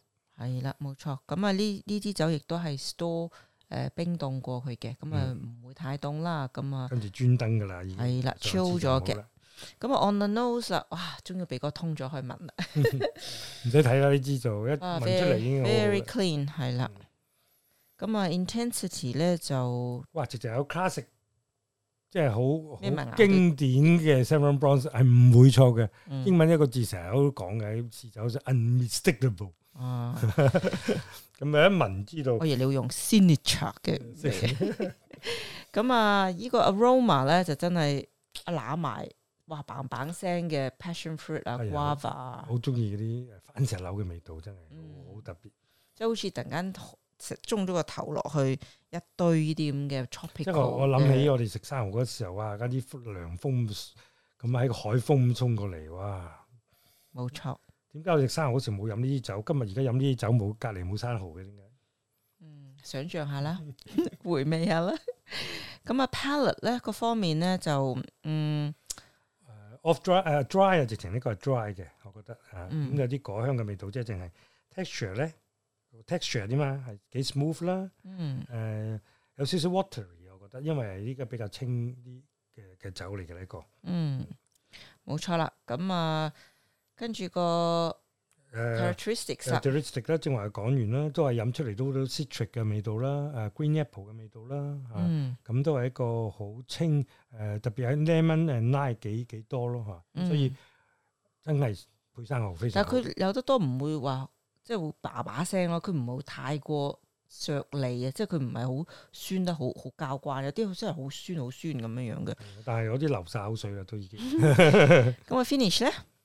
係啦，冇錯。咁啊，呢呢啲酒亦都係 store 誒冰凍過去嘅，咁啊唔會太凍啦。咁啊，跟住專登噶啦，已經係啦，chill 咗嘅。咁啊，on the nose 啦，哇，終於鼻哥通咗去聞啦，唔使睇啦呢支酒，一聞出嚟已經 very clean，係啦。咁啊，intensity 咧就哇，直就有 classic，即係好好經典嘅 Sauvignon Blanc 係唔會錯嘅。英文一個字成日都講嘅，呢支酒就 unmistakable。啊！咁咪一聞知道。我而要用 signature 嘅。咁啊，依 個 aroma 咧就真係一揦埋，哇！棒棒聲嘅 passion fruit 啊，guava 啊，好中意嗰啲番石榴嘅味道，真係、嗯、好特別。即係好似突然間中咗個頭落去一堆呢啲咁嘅 tropical。即係我諗起我哋食生蠔嗰時候啊，嗰啲涼風咁喺個海風咁衝過嚟，哇！冇錯。點解我食生蠔好似冇飲呢啲酒？今日而家飲呢啲酒冇隔籬冇生蠔嘅，點解？嗯，想象下啦，回味下啦。咁啊，palate 咧，個方面咧就嗯，誒，off dry 誒，dry 啊，直情呢個係 dry 嘅，我覺得吓。咁有啲果香嘅味道，即係淨係 texture 咧，texture 啲嘛，係幾 smooth 啦。嗯，誒，有少少 watery，我覺得，因為呢個比較清啲嘅嘅酒嚟嘅呢個。嗯，冇錯啦。咁啊。跟住個 characteristics 咧，正話講完啦，都係飲出嚟都都 citric 嘅味道啦，誒 green apple 嘅味道啦，咁都係一個好清誒，特別係 lemon 誒拉幾幾多咯吓，所以真係配生蠔非常。但係佢有得多唔會話即係會叭叭聲咯，佢唔會太過削利啊，即係佢唔係好酸得好好交關，有啲真係好酸好酸咁樣樣嘅。但係有啲流晒口水啦都已經。咁啊，finish 咧？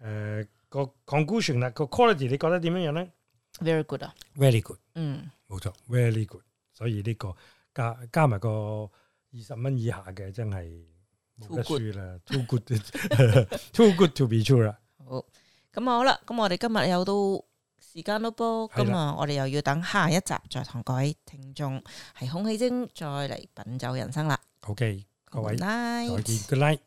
誒，個 conclusion 啦，個 quality 你覺得點樣樣咧？Very good 啊，very good，嗯，冇錯，very good。所以呢個加加埋個二十蚊以下嘅真係冇得輸啦，too good，too good to be true 啦。好，咁我好啦，咁我哋今日又到時間咯噃，咁啊，我哋又要等下一集再同各位聽眾系空氣精再嚟品酒人生啦。OK，各位，再見，Good night。